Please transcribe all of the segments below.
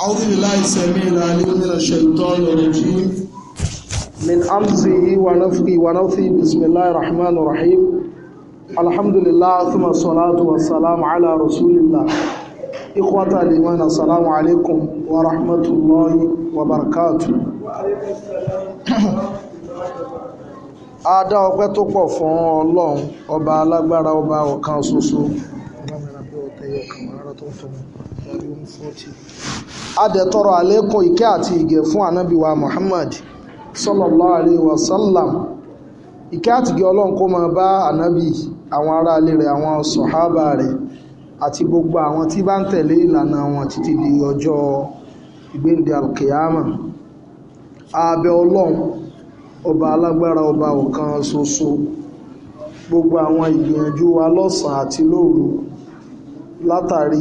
أعوذ بالله السميع العليم من الشيطان الرجيم من أمزه ونفقي ونفقه بسم الله الرحمن الرحيم الحمد لله ثم الصلاة والسلام على رسول الله إخوة الإيمان السلام عليكم ورحمة الله وبركاته a dá ọpẹ́ tó pọ̀ fún Ọlọ́run ọba alágbára ọba ọ̀kan ṣoṣo adẹ̀tọ̀rọ̀ àlékún ìkẹ́ àti ìgẹ̀ fún ànábì wa Muhammad sallallahu alaihi wasallam ìkẹ́ àti ìgẹ̀ ọlọ́run kó máa bá ànábì àwọn ará ilé rẹ̀ àwọn sọ̀hábà rẹ̀ àti gbogbo àwọn tí bá ń tẹ̀lé ìlànà wọn títí di ọjọ́ ìgbéǹde alkiyama abẹ́ ọlọ́run ọba alágbára ọba ọ̀kan ṣoṣo gbogbo àwọn ìgbìyànjú wa àti lóru látàrí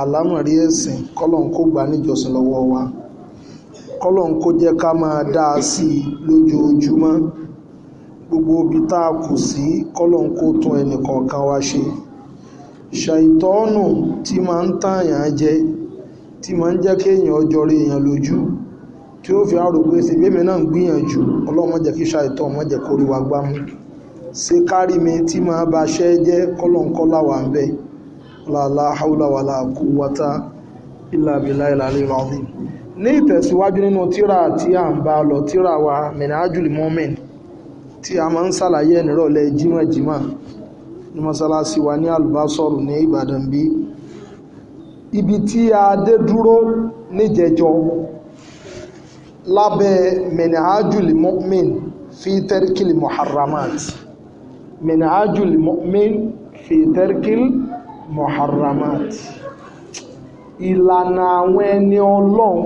àlámọ̀rí ẹ̀sìn kọ́lọ̀n kó gbà níjọsìn lọ́wọ́ wa kọ́lọ̀n kó jẹ́ ká máa dá a sí i lójoojúmọ́ gbogbo ibi tá a kù sí kọ́lọ̀n kó tún ẹnìkọ̀ọ̀kan wa ṣe ṣàìtọ́ọ̀nù tí máa ń tààyàn jẹ tí máa ń jẹ́ kéèyàn ọjọ́ rí èèyàn lójú tí ó fi àrò pé ṣe bẹ́ẹ̀ mi náà ń gbìyànjú ọlọ́mọ jẹ́ kí ṣàìtọ́ ọmọ jẹ́ kórí wa gbámú ṣe kárí mi tí máa ba ṣẹ́ jẹ́ kọ́lọ̀ńkọ́lá wà ń bẹ́ẹ̀ la haúlà wà láàkú wata ilà abilà ilà alẹ́ ìrọ̀dín ní ìtẹ̀síwájú nínú tíra tí a ń bá lọ tíra wa mẹ́nàájúlì mọ́mìn tí a máa ń sàlàyé ẹ̀nìrọ̀lẹ́ jímọ̀jímọ̀ ní mọ́sálásí wa ní àlùbásọ̀rù ní ìbàdàn bí ibi tí a dé dúró níjẹjọ lábẹ́ mẹ́nàájúlì mọ́mìn fi tẹ́ríkìlì muharramat mẹ́nàájúlì mọ́mìn fi tẹ́ríkìlì muharramat ìlànà àwọn ẹni ọlọ́run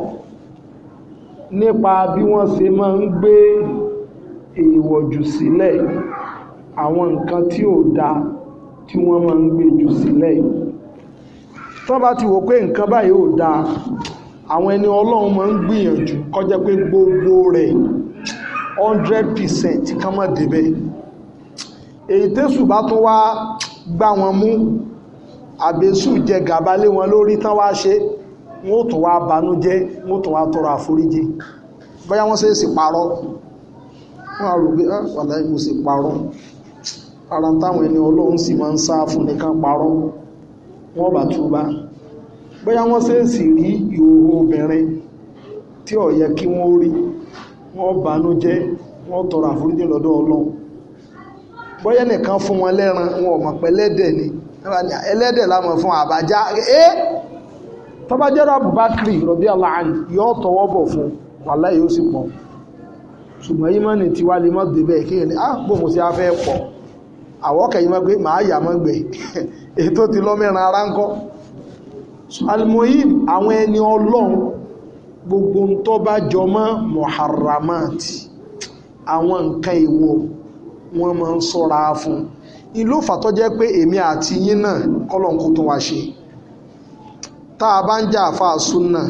nípa bí wọ́n se máa ń gbé èèwọ̀ sílẹ̀ àwọn nǹkan tí ò da tí wọ́n ma ń gbé jù sílẹ̀ ti wò pé nǹkan báyìí ò da àwọn ẹni ọlọ́run ma ń gbìyànjú kọjá pé gbogbo rẹ̀ 100% kán débẹ̀ èyí tẹ́sù àbẹ́sù jẹ gàba lé wọn lórí tán wá ṣe wọ́n tún wá banújẹ́ wọ́n tún wá tọrọ àforíjì bóyá wọ́n ṣe é sì parọ́ wọ́n á rò pé ah, wàlá mo sì parọ́ ara táwọn ẹni ọlọ́run sì máa ń sá fún nìkan parọ́ wọ́n bá túbá bóyá wọ́n ṣe rí ìhòòhò obìnrin tí ò yẹ kí wọ́n rí wọ́n banújẹ́ wọ́n tọrọ àforíjì lọ́dọ̀ ọlọ́run bóyá nìkan fún wọn lẹ́ran wọn ò mọ̀ pẹ́lẹ́dẹ̀ ni ẹlẹ́dẹ̀ lámọ̀ fún àbájá ẹ́ tọ́bá jẹ́rọ Abubakar rọ̀bí aláàn yóò tọwọ́ bọ̀ fún wàlá yóò sì pọ̀ ṣùgbọ́n yí mọ́ni ti wá lè mọ́ débẹ̀ kéèyàn ní àpò ah, mo sì á fẹ́ pọ̀ àwọ́kẹ̀ yí mọ́ pé màá yà mọ́ gbẹ̀ ètò ti lọ́mẹ́ran ara ń kọ́ almohim àwọn ẹni ìlú fà jẹ́ pé èmi àti yín náà kọ́lọ́n kó tún wá ṣe tá a bá ń jẹ́ àfa àsúnà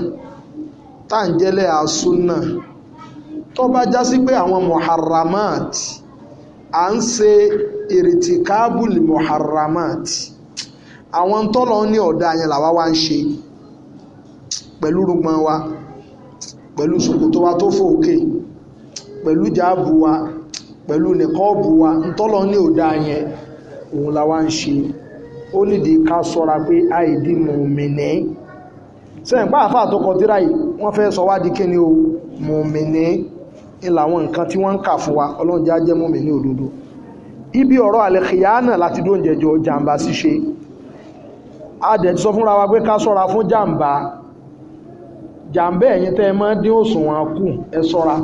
tá à ń jẹ́lẹ̀ àsúnà tó bá já sí pé àwọn muharramat à ń se ṣe ìrìtìkábùlì muharramat àwọn tọ́lọ ní ọ̀dà yẹn làwa wá ń ṣe pẹ̀lú rúgbọ́n wa pẹ̀lú ṣòkòtò wa tó fò òkè pẹ̀lú jáàbù wa pẹ̀lú nìkọ́ọ̀bù wa ntọ́lọ ní ọ̀dà yẹn òun la wá ń ṣe ó nídìí ká sọ́ra pé àìdí mùmìnì sẹ́yìn pàápà tó kọ tíra yìí wọ́n fẹ́ sọ wá di kíni o mùmìnì ìlàwọn nǹkan tí wọ́n ń kà fún wa ọlọ́run já jẹ́ mùmìnì òdodo ibi ọ̀rọ̀ àlẹ́kìyàánà láti dó oúnjẹ jọ jàǹbá ṣíṣe adẹ̀ ti sọ fúnra wa pé ká sọ́ra fún jàǹbá jàǹbá ẹ̀yin tẹ́ ẹ máa dín òṣùwọ̀n kù ẹ sọ́ra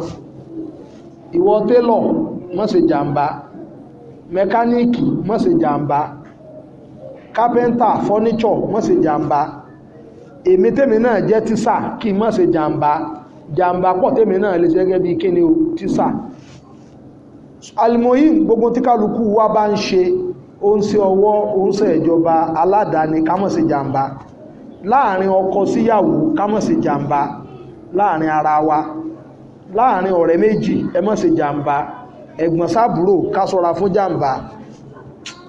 ìwọ télọ̀ má ṣe jàǹbá mẹkáníìkì má ṣe jàǹbá kápẹ́ntà fọ́níṣọ̀ má ṣe jàǹbá èmi tèmi náà jẹ́ tísà kí má ṣe jàǹbá jàǹbá pọ̀ tèmi náà lè ṣe gẹ́gẹ́ bí kíni o tísà alimoyin gbogbo tí kálukú wa bá ń ṣe ó ń ṣe ọwọ́ ó ń ṣe ìjọba aládàáni ká jàǹbá láàrin ọkọ síyàwó ká jàǹbá láàrin ara wa láàrin ọ̀rẹ́ méjì ẹ má jàǹbá ẹ̀gbọ́n sábúrò ká ṣọ́ra fún jàǹbá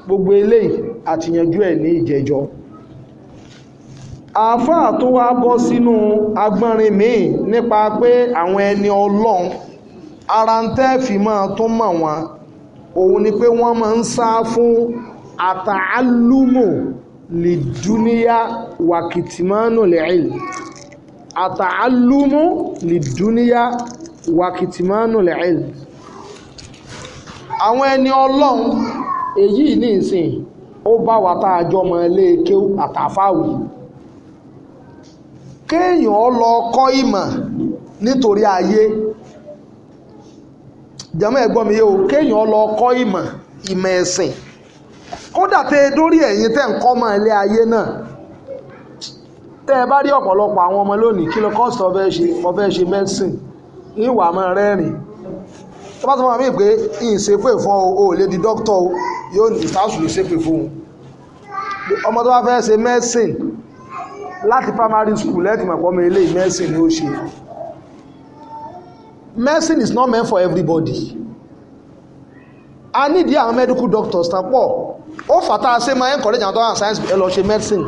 gbogbo eléyìí àtìyànjú ẹ̀ ní ìjẹjọ́ àáfàá tó wá bọ́ sínú agbọ́nrin míì nípa pé àwọn ẹni ọlọ́run ara ń tẹ́ fi máa tó mọ̀ wọn òun ni pé wọ́n máa ń sá fún àtàálùmù lè dúníyà wàkìtìmánù lẹ́yìn àtàálùmù lè dúníyà wàkìtìmánù lẹ́yìn àwọn ẹni ọlọ́run èyí ní ìsìn ó bá wa tá a jọmọ ilé kéw àtàfáwì kéèyàn lọ kọ́ ìmọ̀ nítorí ayé jẹ́mọ́ ẹ̀gbọ́n mi yóò kéèyàn lọ kọ́ ìmọ̀ ìmọ̀ ẹ̀sìn kódà tẹ́ dórí ẹ̀yìn tẹ́ ń kọ́ mọ́ ilé ayé náà tẹ́ ẹ bá rí ọ̀pọ̀lọpọ̀ àwọn ọmọ lónìí kí ló kọ́ sọ ṣe mẹ́sìn ìwà mọ́ rẹ́rìn tó bá tó máa mí pé ìṣèpè fún o ò lè di dókítà o yóò ní ìsáàsù lè ṣèpè fún un ọmọ tó bá fẹ́ ṣe mẹ́sìn láti primary school lẹ́ẹ̀tì mọ̀pọ̀ mi eléyìí mẹ́sìn ni ó ṣe medicine is not meant for everybody a nídìí àwọn medical doctors tán pọ̀ ó fàtà ṣe máa encourage àwọn tó wà science ẹ lọ ṣe medicine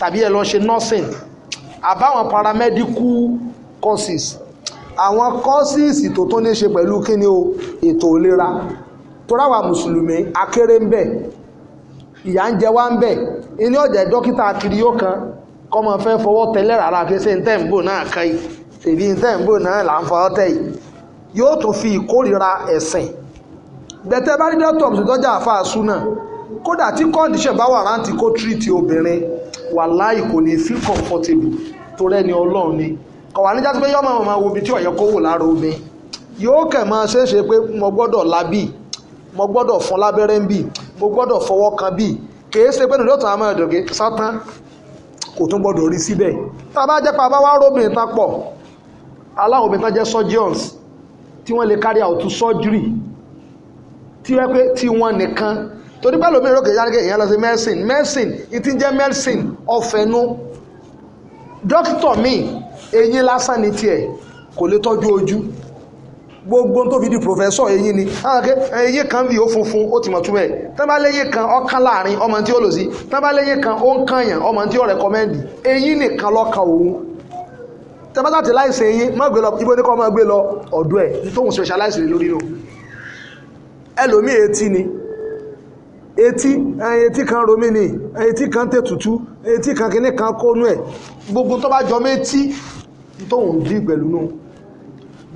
tàbí ẹ lọ ṣe nursing àbáwọn paramedical courses àwọn kọ́sìsì tó tó ní ṣe pẹ̀lú kíni o ètò ìlera torá wa mùsùlùmí akéré ń bẹ ìyà ń jẹ wá ń bẹ ilé ọ̀jẹ̀ dókítà kiri yóò kan kọ́mọ fẹ́ fọwọ́ tẹ́lẹ̀ rárá kí ṣe ń tẹ̀ ń bò náà kan yìí tèmi ń tẹ̀ ń bò náà là ń fọwọ́ tẹ̀ yìí yóò tún fi ìkórira ẹ̀sìn bẹ̀tẹ̀ bá rí dọ́tọ̀ ọ̀sọ̀dọ́jà àfàásù náà kódà tí kọ́ndíṣẹ̀ bá wà rántí kó tírìtì obìnrin wàláì kò ní feel comfortable torẹ́ni ọlọ́run ni kọ̀wá níjà tó pé yọ́ mọ̀ mọ̀ omi tí ọ̀yẹ́ kó wò lára omi yóò kẹ̀ máa ṣe é ṣe pé mo gbọ́dọ̀ labí mo gbọ́dọ̀ fún lábẹ́rẹ́ ń bì mo gbọ́dọ̀ fọwọ́ kan bì kìí ṣe pé nìyóò tán àmọ́ ẹ̀dọ̀gẹ́ sátán kò tún gbọ́dọ̀ rí síbẹ̀ tá a bá jẹ́ pa bá wá róbìnrin tán pọ̀ aláwọ̀ obìnrin tán jẹ́ surgeons tí wọ́n lè carry out surgery tí wọ́n pé tí wọ́n nìkan torí pẹ́ lómi ìrókè yára èèyàn lọ sí medicine medicine ìtí jẹ́ medicine ọ̀fẹ́nu dókítọ̀ míì eyín lásán ni tiẹ̀ kò lè tọ́jú ojú gbogbo tó fi di pòfẹ́sọ̀ eyín ni eyín kan bí ó funfun ó ti mọ̀ túmọ̀ ẹ̀ tán bá léyìn kan ọkàn láàrin ọmọ tí ó lò sí tán bá léyìn kan ó ń kànyàn ọmọ tí ó rẹ̀kọ́mẹ́ndì eyín nìkan lọ́kàn òun tẹ́ bá láti láìsẹ̀ eyín má gbé lọ ibo ní kọ́ má gbé lọ ọ̀dọ̀ ẹ̀ tóhun specialize lè lórí nù ẹlòmí etí ni etí etí kan romi ni etí kan tètùtù etí kan kìíní kan kónú ẹ̀ gbogbo tó bá jọ méjì tóun dí pẹ̀lú nù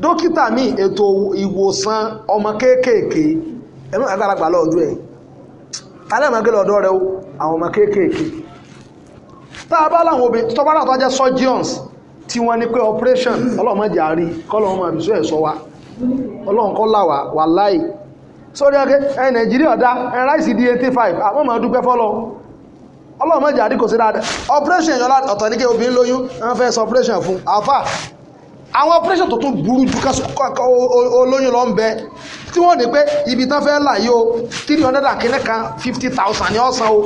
dókítà mi ètò ìwòsàn ọmọ kéékèèké ẹ̀mí àgbàlagbà lọ́ọ̀dún ẹ̀ tálẹ̀ máa gé lọ́dọ̀ rẹ ọdọ àwọn ọmọ kéékèèké a bá láwọn obìnrin tó bá rà surgeons tí wọ́n ní operation ọlọ́run àárí wa ọlọ́run kọ́ là wà wà láì sórí ọkẹ́ eighty five ọlọ́run má jẹ́ àdínkù sí dáadáa operation yọlá ọ̀tọ̀ ní kí obìnrin lóyún wọ́n fẹ́ sọ operation fún àfà àwọn operation tó tún burú ju olóyún lọ ń bẹ tí wọ́n ní pé ibi tán fẹ́ là yìí o three hundred akínní kan fifty thousand ni ọ̀sán o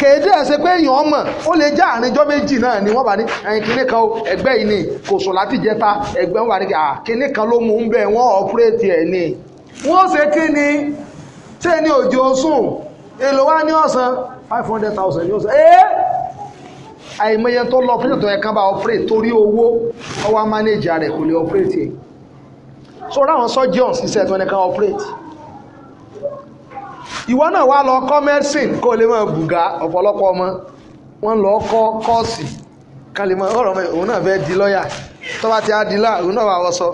kéde ẹsẹ pé èèyàn ọmọ ó lè já àárín ọjọ́ méjì náà ni wọ́n bá ní ẹyin kinní kan o ẹgbẹ́ yìí ni kò sùn láti jẹta ẹgbẹ́ wọn bá ní kinní kan ló mú un bẹ wọ́n ọpúrẹtì ẹ five hundred thousand yóò sọ ẹ́ àìmọye tó lọ fún ìtọ̀ ẹ̀kan bá operate torí owó ọwọ́ manager rẹ̀ kò lè operate yẹn so ráwọn surgeons iṣẹ́ tó ẹ̀kan operate ìwọ náà wá lọ kọ́ medicine kó lè máa bùgá ọ̀pọ̀lọpọ̀ ọmọ wọ́n lọ kọ́ kọ́ọ̀sì ká lè máa ọ̀rọ̀ mọ́ òun náà fẹ́ di lọ́ọ̀yà tó bá ti á di láà òun náà wà wọ́sọ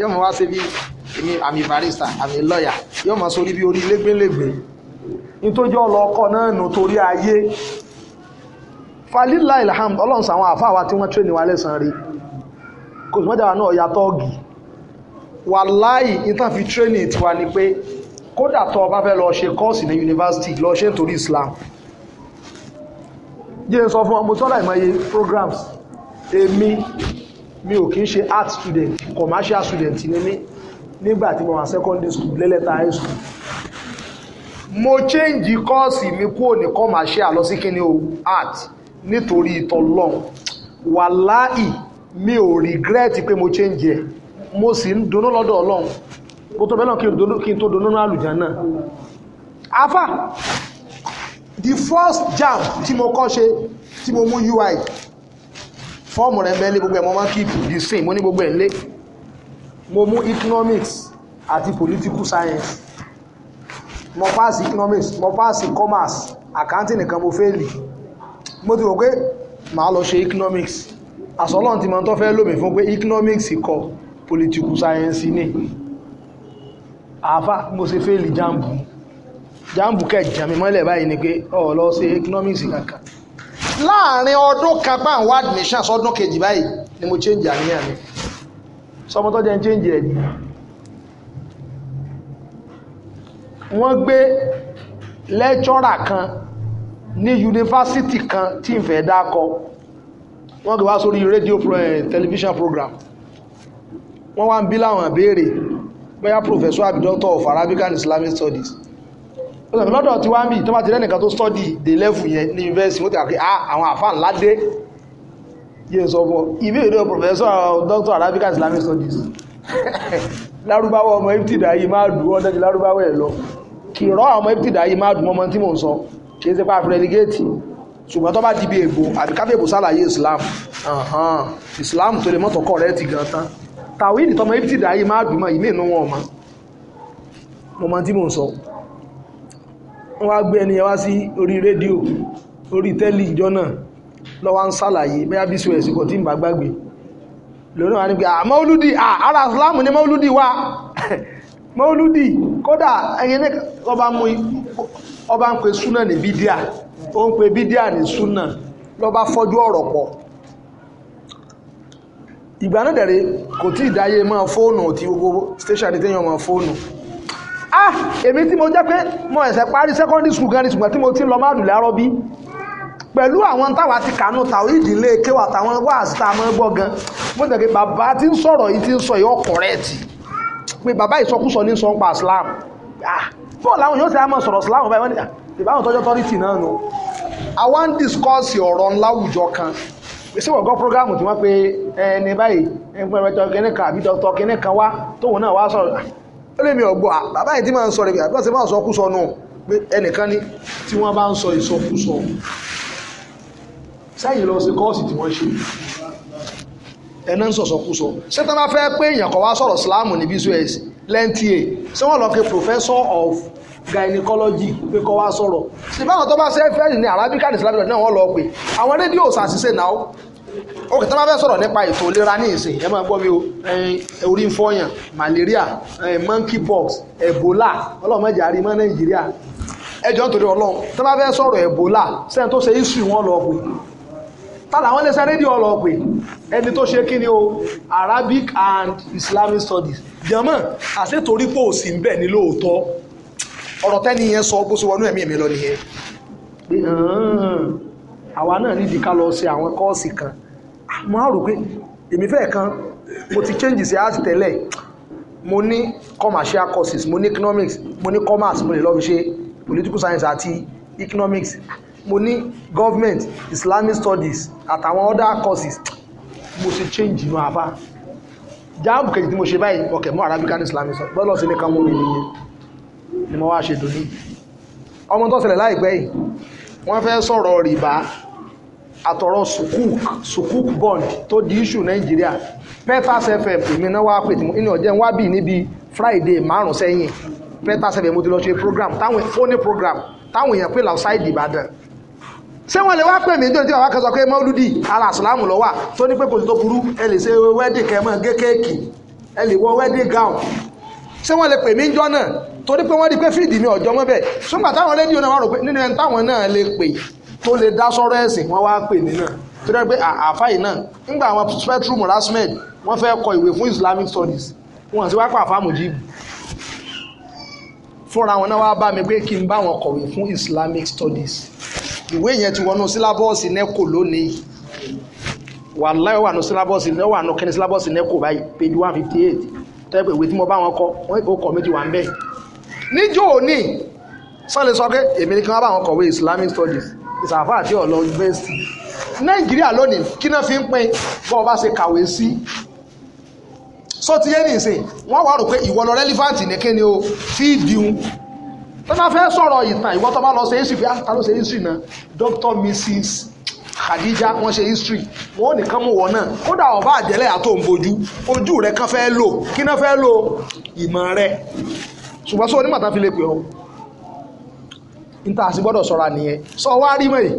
yóò mọ̀ wá sí bí èmi àmì barista àmì lọ́ọ̀yà yóò mọ̀ sórí bí orí lẹ́gbẹ̀lẹ́gbẹ̀ nítorí ọlọ ọkọ náà nù torí ayé falila ilham ọlọ́run sàwọn àfa àwa tí wọ́n tún níwá lẹ́sàn-án rí kò sí mọ́jára náà ọ̀yà tọ́ọ̀gì wàláì ìtàn fi tírénì tiwa ni pé kódà tó o bá fẹ́ lọ ṣe kọ́ọ̀sì ní yunifásitì lọ ṣe nítorí Islam jẹ́ sọ fún ọmọ tọ́lá ìmọ̀ye programs èmi mi ò kí ń ṣe art student commercial student ni mi nígbà tí mo wà secondary school lẹ́lẹ́ta high school mo change kọ́ọ̀sì mi kúrò ní commercial lọ sí kíni o art nítorí ìtọ́lọ́n wàláì mi ò regret pé mo change ẹ̀ mo sì ń dunnú lọ́dọ̀ ọlọ́run mo tó bẹ́ẹ̀ náà kí n tó dunnú náà àlùjá náà afa the first jam tí mo kọ́ ṣe tí mo mú ui fọ́ọ̀mù rẹ̀ bẹ́ẹ̀ lé gbogbo ẹ̀ mo máa ń keep the same mo ní gbogbo ẹ̀ lé mo mú economics àti political science mo pass economics mo pass commerce accounting nìkan mo fẹ́ẹ̀lì mo ti rò pé màá lọ ṣe economics àsọlọ́n ti máa tọ́ fẹ́ lómi fún pé economics kọ political science ni àáfà mo ṣe fẹ́ẹ̀lì jambu jambu kẹjá jami mọ́lẹ̀ báyìí ni pé ọ̀ lọ ṣe economics kankan láàrin ọdún kan pa àwọn admissions ọdún kejì báyìí ni mo change àníyàn mi sọmọtọ́jẹ́ ń change ẹ̀ wọ́n gbé lẹ́jọ́rà kan ní yunifásitì kan tí ń fẹ́ dákọ wọ́n gbé wá sórí rédíò eh, tẹlifíṣàn program wọ́n wá ń bí láwọn àbéèrè bóyá professor àbí doctor of Arabic and Islamic Studies lọ́dọ̀ tí wá ń bí tó bá ti rẹ́nìkan tó study the level yẹn ní university wọ́n ti àkè ah, àwọn àfáà ńlá dé yíò sọ fún ìbéèrè professor eh, doctor Arabic and Islamic Studies lárúbáwọ̀ ọmọ ìpìtìdà yìí máa dùn ọ́ dájú lárúbáwọ̀ ẹ̀ lọ kìrọ́ ọmọ ìpìtìdà yìí máa dùn ọmọ tí mò ń sọ kì í ṣe pa rẹligéètì ṣùgbọ́n tó bá di bí èbò àbí káfíèbò sàlàyé Islam Islam tó lè mọ́tò kọ́ rẹ̀ ti gan tán tàwíìdì tọmọ ìpìtìdà yìí máa dùn mọ́ ìmí inú wọn ọmọ mo mọ tí mò ń sọ wọ́n wá gbé ẹni yẹn wá sí orí rédíò orí tẹ́lì ìjọ náà lọ́wọ́ ń sàlàyé bẹ́ẹ̀ bí sọ ẹ̀sìn tí ń bá gbàgbé lónà wà ní pé à mọ́lúdì à ara islam ní mọ́lúdì wá mọ́lúdì kódà ẹ̀yìn ní ọba ń pe súnà ní bídíà ó ń pe bídíà ní súnà lọ́ba fọ́jú ọ̀rọ̀ pọ̀ ìgbà náà dẹ̀rẹ̀ kò tí ìdáyé máa fóònù tí gbogbo station ní téèyàn máa fóònù ah èmi tí mo jẹ́ pé mo ẹ̀sẹ̀ parí secondary school gan ní ṣùgbọ́n tí mo ti lọ máàdùn lárọ́ bí pẹ̀lú àwọn táwa ti kànú tàwọn ìdílé kéwà táwọn wáàsí tá a máa gbọ́ gan mo jẹ́ pé bàbá tí ń sọ̀rọ̀ yìí ti ń sọ yìí ọkọ̀rẹ́ẹ̀tì pé bàbá ìsọkúsọ ní sọ ń pa Islam fún ah, làwọn yóò ti àmọ́ sọ̀rọ̀ Islam báyìí wọ́n ní ah, ìbáwọn tọ́jọ́ tọ́rìtì náà nù àwọn ń discourse ọ̀rọ̀ láwùjọ kan sí wọ̀gọ́ prógámù tí wọ́n pe ẹni báyìí ẹni pẹ̀lú ẹjọ́ kìnìún kan àbí dọ́tọ̀ kìnìún kan wá tóun náà wá sọ̀rọ̀ ó lè mi ọ̀gbọ́ ah, bàbá yìí tí máa ń sọ̀rọ̀ bí àbí wọ́n ti máa sọ kú sọ nù pé ẹnìkan ní tí wọ́n bá ń sọ ìsọkúsọ sẹ́yìn lọ sí kọ́ọ̀sì tí wọ́n ṣe ẹ̀nà ń sọ̀sọ̀kúsọ ṣé tí wọ́n bá fẹ́ pé èèyàn kan wá sọ̀rọ̀ síláàmù ní bcs lẹ́ńtìẹ̀ ṣé wọ́n lọ pe professor of gynecology pé kọ́ wá sọ̀rọ̀ sí báwọn tó bá ṣe fẹ́ ní arabic and islamic náà wọ́n lọ pé àwọn rédíò ṣàṣìṣe náà ó kì tí wọ́n bá fẹ́ sọ̀rọ̀ nípa ètò ìlera ní ìsìn ẹ máa gbọ́ mi o orí ń fọyàn malaria monkey box, ebola ọlọ́mọdé àrímọ́ nàìjíríà ẹjọ́ nítorí ọlọ́run tí wọ́n bá fẹ́ sọ̀rọ̀ ebola sẹ́ni tó ṣe issue wọn lọ pé tààlà àwọn iléeṣẹ́ rédíò ọlọ́pẹ̀ ẹni tó ṣe kí ni o Arabic and Islamic Studies jẹ́mọ́ àṣetorí pò sí ń bẹ̀ ní lóòótọ́ ọ̀rọ̀ tẹ́ni yẹn sọ bó ṣe wọnú ẹ̀mí mi lọ nìyẹn pé àwa náà nídìí ká lọ ṣe àwọn kọ́ọ̀sì kan mo á rò pé èmi fẹ́ kan mo ti change sí art tẹ́lẹ̀ mo ní commercial courses mo ní economics mo ní commerce mo lè lọ fi ṣe political science àti economics mo ní government islamic studies àtàwọn other courses mo ṣe change inú afá jáàbù kejì tí mo ṣe báyìí ọkẹ̀ mọ́ arabic and islamic studies bọ́ọ̀lù ọ̀sẹ̀ nìkan mú mi nìyẹn ni mo wá ṣe dòní ọmọ tó ṣẹlẹ̀ láìpẹ́ yìí wọ́n fẹ́ sọ̀rọ̀ rìbá àtọ̀rọ̀ sukuk sukuk bond tó di issue nàìjíríà petas fm èmi náà wá pè tí mo ní ọjọ́ ń wá bì níbi friday márùn sẹ́yìn petas fm mo ti lọ ṣe program táwọn fóní program táwọn èèyàn pè láwọn ṣáìdì ìbàdàn ṣé wọ́n lè wá pè mí nítorí tí bàbá kan sọ pé mọ́lúdì ara àsìlámù ló wà tó ní pé kò sí tó burú ẹ lè ṣe wẹ́dì kẹmọ́ gé kéèkì ẹ lè wọ wẹ́dì gown ṣé wọ́n lè pè mí jọ náà torí pé wọ́n rí pé fíìdì mi ọ̀jọ́ mọ́bẹ̀ ṣùgbọ́n táwọn rédíò náà wà rò pé nínú ẹni táwọn náà lè pè tó lè dá sọ́rọ̀ ẹ̀sìn wọ́n wá pè mí náà torí pé àfáì náà ńgbà àwọn spectrum rasmed wọ́n fẹ́ kọ ìwé fún Islamic studies wọ́n sì wá pa àfáàmù jíìbù fúnra wọn náà wá bá mi pé kí n bá wọn kọ̀wé fún Islamic studies ìwé yẹn ti wọnú sílábọ́ọ̀sì nẹ́kò lónìí wàláyé wà nù sílábọ́ọ̀sì ní wà nù kẹ́ni sílábọ́ọ̀sì nẹ́kò báyìí page one fifty eight tẹ́gbẹ̀ ìwé tí mo bá wọn kọ wọ́n ìkó kọ́ méjì wà ń bẹ̀. níjó òní sọ́lẹ̀ sọ pé èmi ni kí wọ́n bá wọn kọ̀wé Islamic studies ìsàfà àti ọ̀lọ́ yunifásitì Nàìjíríà lónìí kí náà fi ń pín bọ́ọ̀ bá ṣe kàwé sí sọ ti nìsín wọ́n wá rò pé ìwọ relevant ní kíni o fíìdì tó bá fẹ́ sọ̀rọ̀ ìtàn ìwọ tó bá lọ ṣe history fi áta ah, ló ṣe history náà Doctor, Mrs. Khadija wọ́n ṣe history wọ́n nìkan mú wọn náà kódà ọba àjẹlẹ̀ àtò ń bojú ojú rẹ̀ kan fẹ́ lò kí náà fẹ́ lò ìmọ̀ rẹ̀ ṣùgbọ́n sọ onímọ̀ tá fi lè pè ọ́ níta àti gbọ́dọ̀ sọ̀ra nìyẹn sọ wá rí mọ́ yìí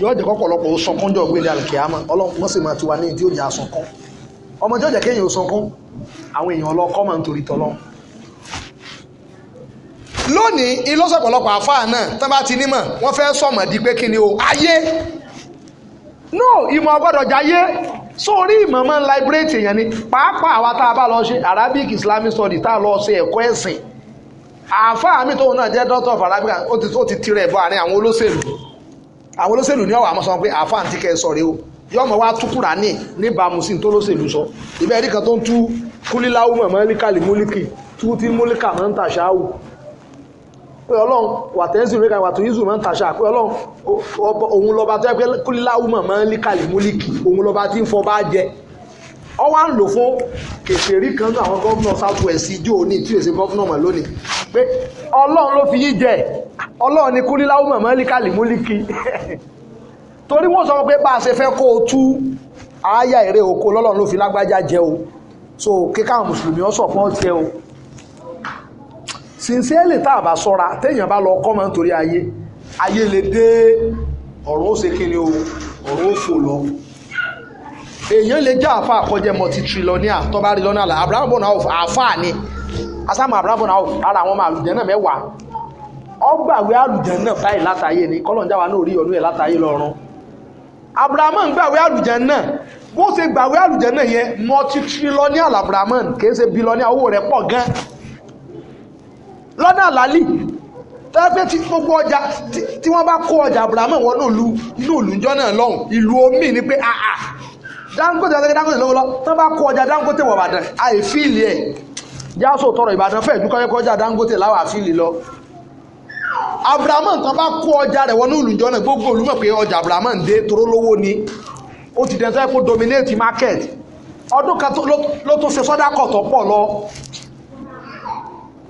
yóò jẹ́ kọ́pọ̀lọpọ̀ sọkúnjọ́ gbélé àlùkìyàmọ́ ọlọ́run wọ́n sì máa ti wà ní ìdí òjì àsọkún ọmọ tí ó jẹ́ kéèyàn ó sọkún àwọn èèyàn ọlọ́kọ́ máa ń torí tọ́lọ́run lónìí ilọ́sọ̀pọ̀lọpọ̀ àfáà náà tán bá ti nímọ̀ wọ́n fẹ́ sọ̀mọ̀ di pé kí ni o ayé no ìmọ̀ ọgbọ́dọ̀ jayé sórí ìmọ̀ máa ń liberate èèyàn ni pàápàá àwa tá a bá lọ ṣe Arabic Islamic study tá a lọ ṣe ẹ̀kọ́ ẹ̀sìn àáfàá mi tóun náà jẹ́ doctor of Arabic ó ti ó ti tirẹ̀ bọ àárín àwọn olóṣèlú àwọn olóṣèlú ní ọ̀wà àmọ́ sọ pé àáfàá ti kẹ́ ẹ sọ rẹ o yọ ọmọ wa tú Kùránì níbàámu sí tó lóṣèlú sọ ìbẹ́ẹ̀ ẹ̀rí kan tó ń tú kúlíláwù mọ̀mọ́líkàlì múlíkì tú tí múlíkà máa ń tàṣáwù pé ọlọ́run wà tẹ́sí rẹ̀ kan wà tó yíṣù máa ń tàṣà pé ọlọ́run òun lọ́ba tó yẹ pé kúlíláwùmọ̀ máa ń líkàlì múlíkì òun lọ́ba tí ń fọ bá jẹ ọ wá ń lò fún kèfèrí kan ní àwọn gómìnà south west ijó òní tí èsì gómìnà mọ̀ lónìí pé ọlọ́run ló fi yí jẹ ọlọ́run ni kúlíláwùmọ̀ máa ń líkàlì múlíkì torí wọ́n sọ pé bá a ṣe fẹ́ kó o tú àáyà èrè oko lọ́lọ́run ló fi lágbájá jẹ o so kíkà mùsùlùmí ọ sọ̀pọ̀ jẹ o sincerely tá a bá sọ́ra téèyàn bá lọ kọ́ máa ń torí ayé ayé lè dé ọ̀rọ̀ ó ṣe kíni o ọ̀rọ̀ ó fò lọ èèyàn lè jẹ́ àfa àkọjẹ́ multi trillionaire tó bá rí lọ́nà àlà Abraham bona of àfa ni asámu Abraham bona of ara àwọn ọmọ àlùjẹ náà mẹ́wàá ọgbàwé àlùjẹ náà báyìí látàyè ni kọ́lọ̀njáwa náà rí ọdún ẹ̀ látàyè lọ́rùn Abraham gbàwé àlùjẹ náà bó ṣe gbàwé àlùjẹ náà yẹn multi trillionaire Abraham kì í ṣe billionaire owó rẹ̀ pọ̀ gan-an lọ́nà àlálì tẹ́lẹ̀pẹ́ tí gbogbo ọjà tí wọ́n bá kó ọjà abrahamu wọnú ìlú inú ìlú ìjọ náà lọ́hùn ìlú omi ni pé àà ah, ah, Dangote ọ̀sẹ̀ Dangote lọ́wọ́ lọ tọ́ bá kó ọjà Dangote wọ̀ Ìbàdàn àìfíìlì ẹ̀ jáso tọrọ Ìbàdàn fẹ́ẹ̀ dúkọ́ yẹ́kọ́ ọjà Dangote láwà fíìlì lọ abrahamu tán bá kó ọjà rẹ̀ wọnú ìlú ìjọ náà gbogbo olùmọ̀ pé ọjà abrahamu ń dé toró lówó ni ó ti dẹ̀ sọ́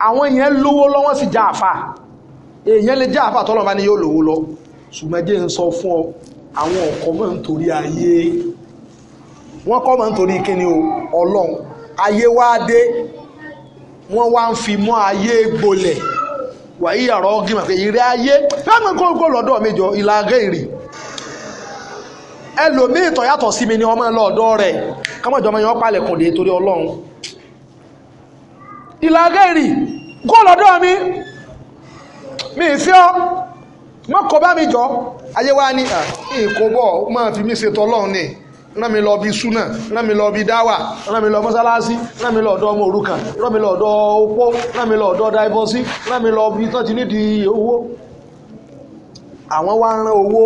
àwọn èèyàn lówó lọ́wọ́ sì já àfà èèyàn lè já àfà tọ́lọ̀ bá yóò lówó lọ ṣùgbọ́n jẹ́ ń sọ fún ọ àwọn ọkọ̀ aye. nítorí ayé wọ́n kọ́ mọ̀ nítorí kíni ọlọ́run ayé wá dé wọ́n wá ń fi mọ́ ayé gbolẹ̀ wàyí àrọ́ gímọ̀ pé ìrẹ́ ayé fẹ́mi kókó lọ́dọ̀ méjọ ìlàgẹ́ ìrì ẹlòmíì tó sí mi ni ọmọ rẹ̀ kọ́mọ̀jọ́mọ́ yẹn dé torí ọlọ́run ìlàgẹ́rì kó lọ́dọ̀ mi mi ìfẹ́ ọ mọ́ kọ bá mi jọ ayé wa ní ìkó bọ̀ máa fi mí ṣe tọ́lọ́run ni rán mi lọ bí súnà rán mi lọ bí dáwà rán mi lọ mọ́sálásí rán mi lọ ọ̀dọ̀ ọmọ òrukàn rán mi lọ ọ̀dọ̀ opó rán mi lọ ọ̀dọ̀ dáìbọ́sí rán mi lọ bí tán ti nídìí owó àwọn wá ń rán owó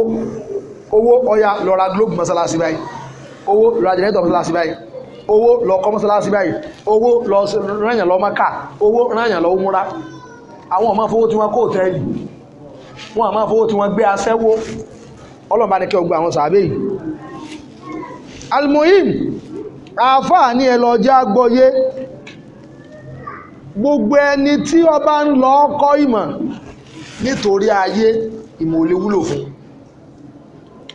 owó ọya lọ́ra globe mọ́sálásí báyìí owó lọ́ra jẹ́nẹ́tọ̀ mọ́sálásí báyìí owó lọ kọ́ mọ́sálásí báyìí owó lọ rányàn lọ mọ́kà owó rányàn lọ múra àwọn ọmọ fowó tí wọ́n kó tẹ́lì wọ́n àmọ́ fowó tí wọ́n gbé aṣẹ́wó ọlọ́mọba ní kí ọgbà àwọn sàbẹ̀ yìí almuhim àáfàá ní ẹ lọ jẹ́ agbọ́yé gbogbo ẹni tí ọba ń lọ kọ́ ìmọ̀ nítorí ayé ìmọ̀ ò lè wúlò fún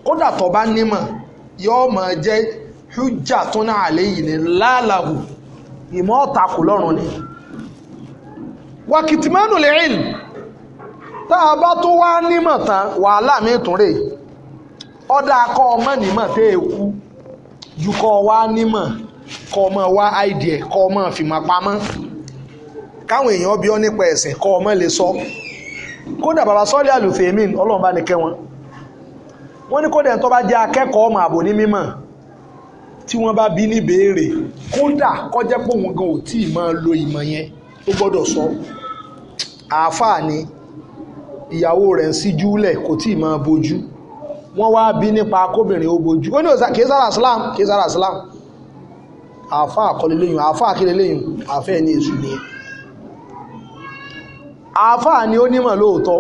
kódà tó bá nímọ̀ yóò máa jẹ́ hujja tó ní yìí ní láàlàhù ìmọ̀ lọ́rùn ni wàkìtìmánù lẹ́yìn tá a bá tó wá nímọ̀ tán wàhálà mi tún rè ọ̀dà akọ ọmọ ju ọ nípa ẹ̀sìn kọ́ ọmọ le sọ kódà bàbá àlùfẹ́ ní wọn wọ́n ní kódà tó ọmọ àbò ní tí wọ́n bá bí ní béèrè kódà kọjá pé òun gan ò tí ì máa lo ìmọ̀ yẹn ó gbọ́dọ̀ sọ àáfàá ni ìyàwó rẹ̀ ń síjú lẹ̀ kò tí ì máa bojú wọ́n wá bí nípa kóbìnrin ó bojú ó ní òsà kìí sára islam àáfàá àkọlé àáfàá àkílé lẹ́yìn àáfàá èṣù nìyẹn àáfàá ni ó nímọ̀ lóòótọ́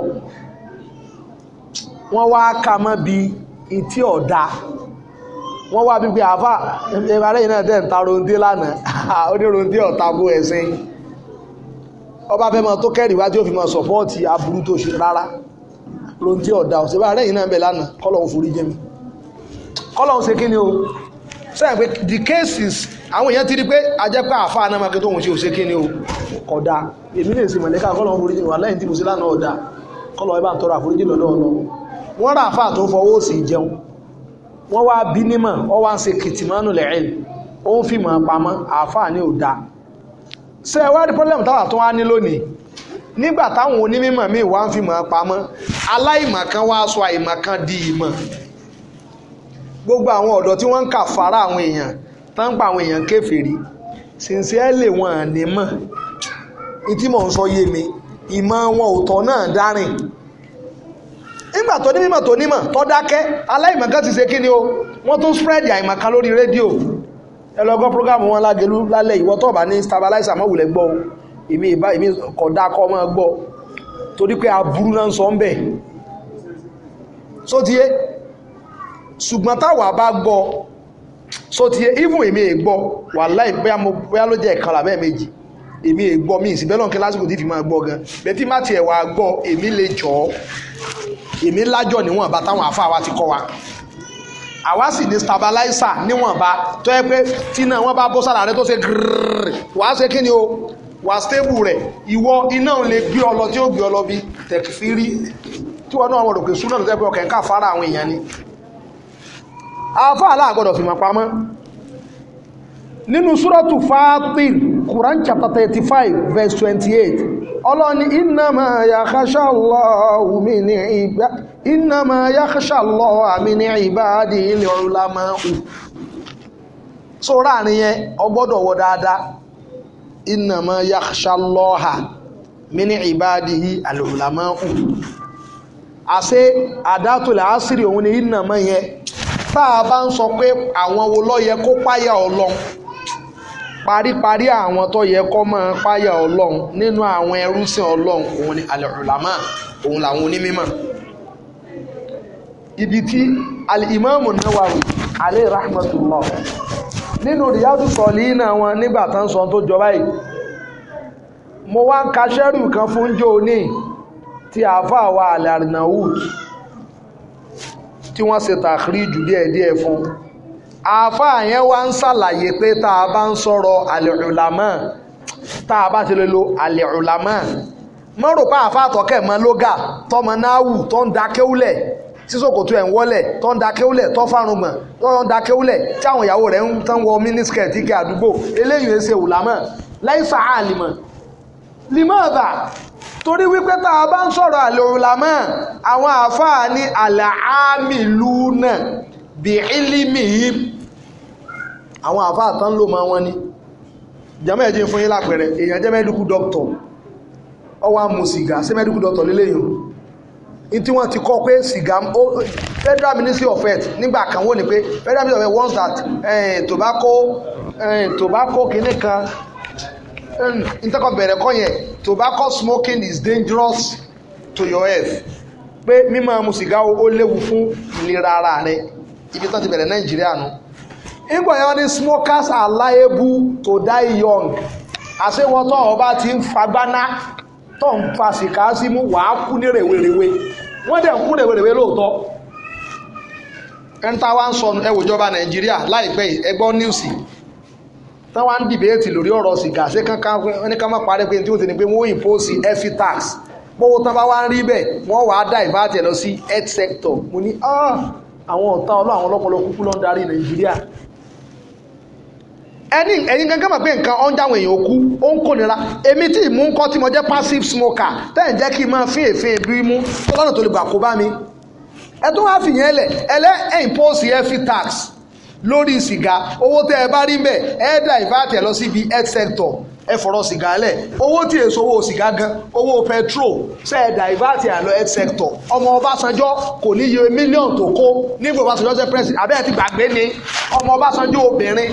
wọ́n wá ka mọ́ bí etí ọ̀dà wọ́n wá bíi pé àáfà ìbára yìí náà ta rondé lánàá ah, ó ní rondé ẹ̀sìn ọba fẹ́ mọ tó kẹ́rì wájú òfin mọ sọ̀pọ́ọ̀tì aburú tó ṣe rárá rondé ọ̀dà òsè bá rẹ́yìn bẹ̀ lánàá kọ́lọ́hún forí jẹ́mi kọ́lọ́hún ṣe kí ni o sẹ́yìn pé the cases àwọn èèyàn ti rí pé ajẹ́ pé àáfà náà máa kí tóun ṣe kí ni o kódà èmi lè wọ́n wá bí nímọ̀ ọ wá ń ṣe kìtìmọ́nù lẹ́ẹ̀l ó ń fìmọ̀ pamọ́ àáfàá ní òda ṣé ẹ wá rí pọ́lẹ́mù táwa tó wá ní lónìí nígbà táwọn onímọ̀ míì wá ń fìmọ̀ pamọ́ aláìmọ̀ kan wá sọ àìmọ̀ kan di ìmọ̀ gbogbo àwọn ọ̀dọ́ tí wọ́n ń kà fara àwọn èèyàn tó ń pa àwọn èèyàn kéfèrí sincerely wọn à ní mọ̀ ìtí mò ń sọ yé mi ìmọ̀ wọn ò náà dárìn nígbà tó ní mímọ̀ tó nímọ̀ tó dákẹ́ aláìmọ̀kan ti ṣe kí ni o wọ́n tún spread àìmọ̀kan lórí rédíò ẹ lọ gbọ́ program wọn lágẹlú lálẹ́ ìwọ tó bá ní stabilizer mọ́ wùlẹ̀ gbọ́ èmi ìbá èmi kọ̀dá kọ́ mọ́ gbọ́ torí pé aburú náà ń sọ ń bẹ̀ sótìyé ṣùgbọ́n táwa bá gbọ́ sótìyé even èmi ègbọ́ wàláì bóyá ló jẹ́ ìkànnà bẹ́ẹ̀ méjì èmi è gbọ́ mi ìsìnbẹ́lọ́n kí lásìkò tí fi máa gbọ́ gan bẹ́ẹ̀ tí má tiẹ̀ wá gbọ́ èmi lè jọ ọ́ èmi lájọ níwọ̀nba táwọn àáfàá wa ti kọ́ wa àwa sì ní stabilizer níwọ̀nba tó yẹ pé tí náà wọ́n bá bó sára rẹ tó ṣe gírírì wàá ṣe kí ni o wàá stable rẹ ìwọ iná ò lè gbé ọ lọ tí ó gbé ọ lọ bí tẹkifírí tí wọn náà wọn rò pé súnà ló tẹ́ pé ọkàn ká fara àwọn èèyàn ni àáfàá aláàgbọ̀dọ̀ fìmọ̀ pamọ́ nínú súrọ́tù Fatir Quran chapter thirty-five, verse 28 ọlọ́ni innama yakhshallahu min ibad innama yakhshallaha min ibadil ulama so ráàrin yẹn ọgbọ́dọ̀ wọ dáadáa innama yakhshallaha min ibadil ulama àṣẹ àdátòlẹ̀ àṣírí òun ni innama yẹn tá a bá ń sọ pé àwọn wo ló yẹ kó páyà Ọlọ́run paríparí àwọn tó yẹ kó máa páyà ọlọ́run nínú àwọn ẹrúsìn ọlọ́run òun ni al-ulama òun làwọn onímọ̀ ibi tí al-Imamu Nawawi alayhi rahmatullah nínú Riyadu Salihina wọn nígbà tán sọ tó jọba yìí mo wá ń ka ṣẹ́rù kan fún jò ní tí àáfà wa al-Arnaout tí wọ́n ṣe tàkìrí jù díẹ̀díẹ̀ fún un àáfàá yẹn wá ń ṣàlàyé pé tá a bá ń sọ̀rọ̀ àlẹ́ùlámà tá a bá ti lè lo àlẹ́ùlámà mọ́ rò pé àáfàá àtọ́kẹ́ mọ́ lóga tọmọ náà wù tó ń dákéwúlẹ̀ tí sòkòtò ẹ̀ ń wọ́lẹ̀ tó ń dákéwúlẹ̀ tó fárùngbọ̀n tó ń dákéwúlẹ̀ tí àwọn ìyàwó rẹ̀ ń tán wọ mínísíkẹ̀t ike àdúgbò eléyìí ẹ̀ ṣe láìsà àlìmọ̀ limọ́ọ̀bà torí wípé tá a bá ń sọ̀rọ̀ àlè ùlámà àwọn àáfàá ní àlàámìlú náà bìílímìí àwọn àfáà tán ló ma wọ́n ní jẹ́mọ́ ẹ̀jẹ́ fún yín lápẹẹrẹ èèyàn jẹ́ mẹ́díkù dọ́kítọ̀ ó wá mu sìgá sí mẹ́díkù dọ́kítọ̀ léléyìn in tí wọ́n ti kọ́ pé sìgá federal ministry of health nígbà kan wó ni pé federal ministry of health warns that eh, tobacco eh, tobacco kìíní kan ìtẹ́kọ̀ eh, bẹ̀rẹ̀ kọ́ yẹn tobacco smoking is dangerous to your health pé mímọ́ mu sìgá ó léwu fún ìlera ara rẹ ibi tán ti bẹ̀rẹ̀ Nàìjíríà nù. No? ìgbọ̀nyàn ni smokers are liable to die young àṣewọ́n tó ọba ti ń fagbáná tó ń fa sìkà sí mú wàá kú ní rèwerèwe wọ́n dẹ̀ ń kú rèwerèwe lóòótọ́ ẹni táwa ń sọnù ẹwò ìjọba nàìjíríà láìpẹ́ ẹgbọ́n níwùsì táwa ń dìbéètì lórí ọ̀rọ̀ sìkà ṣé kankan ní ká má parí pé tí ó ti ní pé wọ́n impose heavy tax gbogbo tán bá wá ń rí bẹ́ẹ̀ wọ́n wàá divert ẹ̀ lọ sí health sector mo ní ah, àwọn ọ̀tá ọlọ́ àwọn ọlọ́pọ̀lọ́ kúkú ló ń darí nàìjíríà ẹni ẹ̀yin gangan mọ̀ pé nǹkan ọ̀njà àwọn èèyàn kú ó ń kó nira èmi tí ìmú ń kọ́ tí mo jẹ́ passive smoker tẹ́ẹ̀ jẹ́ kí n máa fín èéfín ìbí mú tó lọ́nà tó lè gbà kó bá mi ẹ tó wáá fìyẹn lẹ̀ ẹlẹ́ impose heavy tax lórí sìgá owó tẹ́ ẹ bá rí mbẹ̀ ẹ divert ẹ lọ síbi health sector ẹ fọ̀rọ̀ sìgá lẹ̀ owó tí èso owó sìgá gan owó petrol ṣe ẹ divert ẹ lọ health sector ọmọ Ọbásanjọ́ kò ní iye mílíọ̀nù tó kó nígbà Ọbásanjọ́ ṣe president abẹ́ẹ̀ ti gbàgbé ni ọmọ Ọbásanjọ́ obìnrin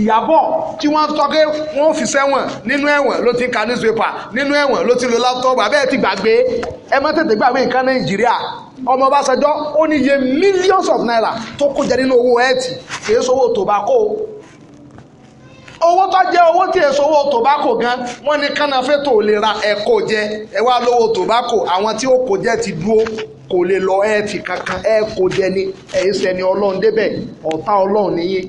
ìyàbọ̀ tí wọ́n sọ pé wọ́n fi sẹ́wọ̀n nínú ẹ̀wọ̀n ló ti ń ka newspaper nínú ẹ̀wọ̀n ló ti ń lo laptop abẹ́ẹ̀ ti gbàgbé ẹ má tètè gbàgbé nǹkan nàìjíríà ọmọ ọbásanjọ́ ó ní iye millions of naira tó kó jẹ nínú owó ẹ̀tì kìí sówó tobacco owó tó jẹ́ owó tí èso owó tobacco gan wọ́n ní kánáfẹ́tò lè ra ẹ̀kọ́ jẹ ẹ wá lówó tobacco àwọn tí ó kò jẹ́ ti dúró kò lè lọ ẹ̀ẹ́tì kankan ẹ̀ẹ́kò jẹ ni ẹ̀yìn sẹ́ni ọlọ́run débẹ̀ ọ̀tá ọlọ́run nìyí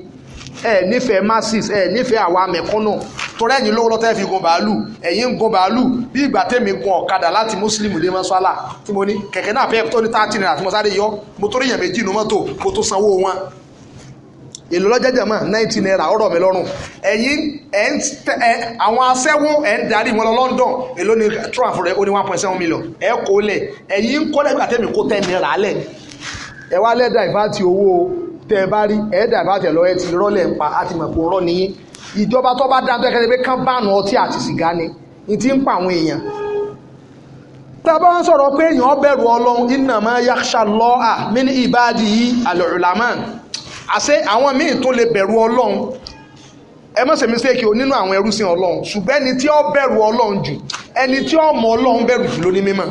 ẹ nífẹ̀ẹ́ masses ẹ nífẹ̀ẹ́ àwa mẹ̀kúnnù torí ẹ̀yin lówó lọ́tẹ́ fi gun bàálù ẹ̀yin ń gun bàálù bí ìgbà tèmi gun ọ̀kadà láti mùsùlùmù lè mọ́ṣálà tí mo ní kẹ̀kẹ́ náà fẹ́ẹ́ tó ní táàtì náírà tí mo sáré yọ mo tó ríyàn méjì inú mọ́tò mo tó sanwó wọn èlò lọ́jẹ́jẹ́ mọ̀ náìtì náírà ọ̀rọ̀ mi lọ́rùn ẹ̀yin àwọn aṣẹ́wó ẹ̀ ń darí wọn lọ London èlò ní trump rẹ̀ ó ní one point seven million ẹ̀ kó lẹ̀ ẹ̀yin kó lẹ́gbàá tẹ̀mí kó tẹ̀ náírà lẹ̀ ẹ̀ wá lẹ́dà ìfáàtì owó tẹ́ ẹ bá rí ẹ̀ẹ́dà bá tẹ̀ lọ ẹ ti rọ́lẹ̀ ń pa á ti mọ̀ pé rọ́ nìyí ìjọba tó bá dáńtọ́ ẹ̀kẹ́ pé kán bánu ọtí àti sìgá ni ní ti ń pa àwọn èèyàn tá a bá ń sọ̀rọ̀ pé èèyàn bẹ̀rù ọlọ́run innama yakhsha Allaha min ibadihi al-ulama àṣẹ àwọn míì tó lè bẹ̀rù ọlọ́run ẹ má ṣe mistake o nínú àwọn ẹrú sí ọlọ́run ṣùgbọ́n ẹni tí ó bẹ̀rù ọlọ́run jù ẹni tí ó mọ ọlọ́run bẹ̀rù jù ló mímọ́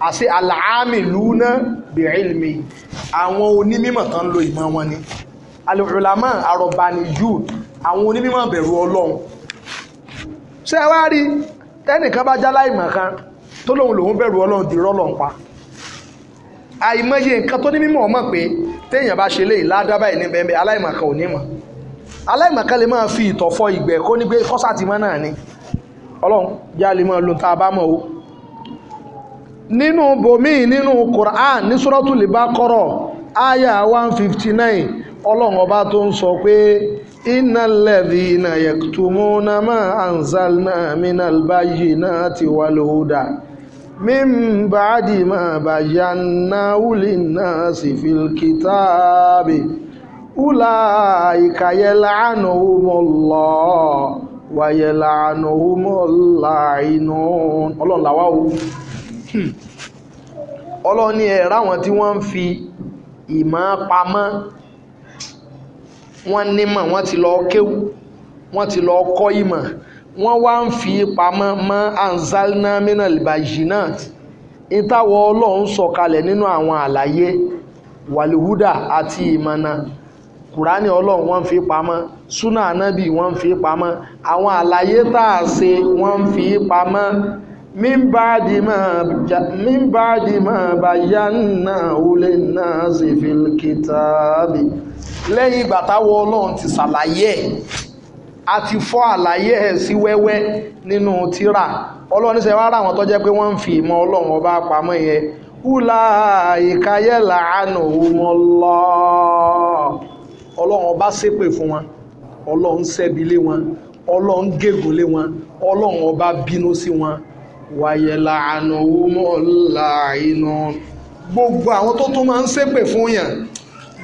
àṣẹ àlàámì lúnà bìrìlmì àwọn onímọ̀ tán ń lo ìmọ̀ wọn ni alùlámà àrọ̀bàní jù àwọn onímọ̀ bẹ̀rù ọlọ́run ṣé wá rí tẹ́nìkan bá jálá ìmọ̀ kan tó lóun lòun bẹ̀rù ọlọ́run dìrọ́ lọ́n pa àìmọye nǹkan tó ní mímọ̀ ọmọ pé téèyàn bá ṣe léyìí ládábà yìí níbẹ̀ níbẹ̀ aláìmọ̀ kan ò ní mọ̀ nínú bòmíì nínú Quran ní Suratul Baqara aya 159 ọlọ́run ọba tó ń sọ pé innal ladhina yaktumuna ma anzalna minal bayyinati wal huda min ba'di ma kìtàbì linnasi fil kitabi ulaika yal'anuhumullah wa yal'anuhumul la'inun ọlọ́run làwá o. Hmm. ọlọ́ni ẹ̀rá wọn tí wọ́n ń fi ìmọ̀ pamọ́ wọ́n nímọ̀ wọ́n ti lọ kéwú wọ́n ti lọ kọ́ ìmọ̀ wọ́n wá ń fi pamọ́ mọ́ anzalna minal bajinat ìtawọ̀ ọlọ́run sọ̀kalẹ̀ nínú àwọn àlàyé wàlúhúdà àti ìmọ̀nà kùránì ọlọ́run wọ́n fi pamọ́ súnà ànábì wọ́n fi pamọ́ àwọn àlàyé tá a ṣe wọ́n fi pamọ́ من بعد ما من بعد ما بيناه للناس في الكتاب lẹ́yìn ìgbà táwọn ọlọ́run ti ṣàlàyé ẹ̀ a ti fọ́ àlàyé ẹ̀ sí wẹ́wẹ́ nínú tírà ọlọ́run ṣe wá rà wọ́n tó jẹ́ pé wọ́n ń fi ìmọ̀ ọlọ́run ọba pamọ́ yẹn húlà ìkáyẹ̀là àánú ọmọlọ́ ọlọ́run ọba ṣépè fún wọn ọlọ́run ṣẹ́bi lé wọn ọlọ́run gégùn lé wọn ọlọ́run ọba bínú sí wọn wàyẹ̀là ànàwó mọ́ọ̀lá iná gbogbo àwọn tó tún máa ń ṣépè fún yàn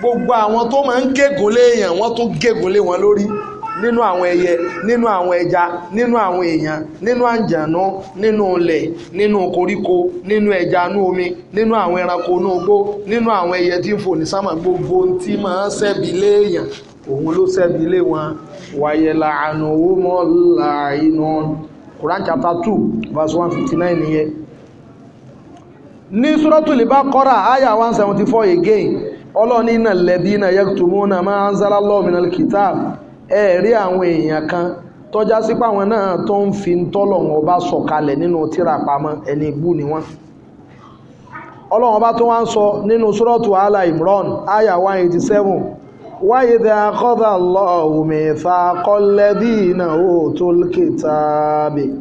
gbogbo àwọn tó máa ń gégùn lé yàn wọ́n tún gégùn lé wọn lórí nínú àwọn ẹyẹ nínú àwọn ẹja nínú àwọn èèyàn nínú àǹjànú nínú ilẹ̀ nínú koríko nínú ẹja inú omi nínú àwọn ẹranko inú igbó nínú àwọn ẹyẹ tí ń fò ní sámà gbogbo tí máa ń ṣẹ́bi léèyàn òun ló ṣẹ́bi lé wọn wàyẹ̀là ànàwó mọ́ọ̀lá iná Quran chapter two verse one fifty nine nìyẹn suratul Baqara again ọlọ́ọ̀ni iná lẹ́bí yaktumuna ma anzala Allahu kitab àwọn èèyàn kan tọ́já sí páwọn náà tó n fi tọ́lọ̀wọ̀n ọba sọ̀kalẹ̀ nínú tíra pamọ́ ni Ala Imran 187. وإذا أخذ الله ميثاق الذين أوتوا الكتاب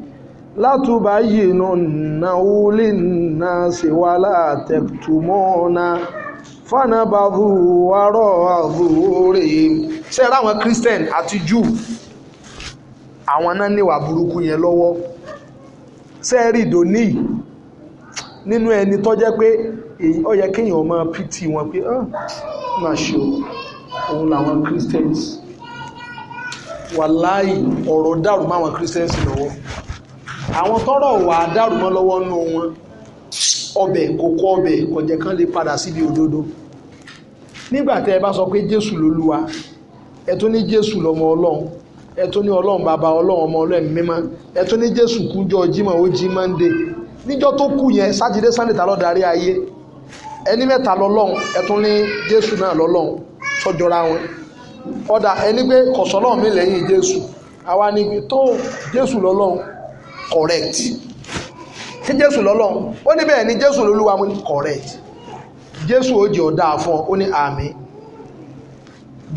لتبيننه للناس ولا تكتمونه fanabadu wàrọ̀ àbúrò ṣe rá àwọn christian àti jew àwọn náà níwà burúkú yẹn lọ́wọ́ ṣe rí ìdòní nínú ẹni tó jẹ́ pé ó yẹ kéèyàn máa pìtì wọn pé ah máa ṣe òun làwọn christians wàláì ọ̀rọ̀ dàrú mọ́ àwọn christians lọ́wọ́ àwọn tọrọ wà á dàrú mọ́ lọ́wọ́ nù wọn ọbẹ̀ kókó ọbẹ̀ kọjẹ kan lè padà síbi òdodo nígbà tẹ́ ẹ bá sọ pé jésù lolúwa ẹ tún ní jésù lọ́mọ ọlọ́run ẹ tún ní ọlọ́run bàbá ọlọ́run ọmọ ọlọ́run mímọ́ ẹ ní jésù kújọ jímọ̀ ó jí mọ́ndé níjọ́ tó kù yẹn sátidé sunday ta ayé ẹni mẹ́ta lọ́lọ́run ẹ ní jésù náà lọ́lọ́run sọ́jọ́ra wọn ọ̀dà ẹni pé kọ̀sọ́lọ́ mi lẹ́yìn jésù àwa ni tó jésù lọ́lọ́run correct tí jésù lọ́lọ́run ó ní bẹ́ẹ̀ ni jésù lolúwa mo correct jésù ó jẹ́ ọ̀dà fún ọ ó ní àmín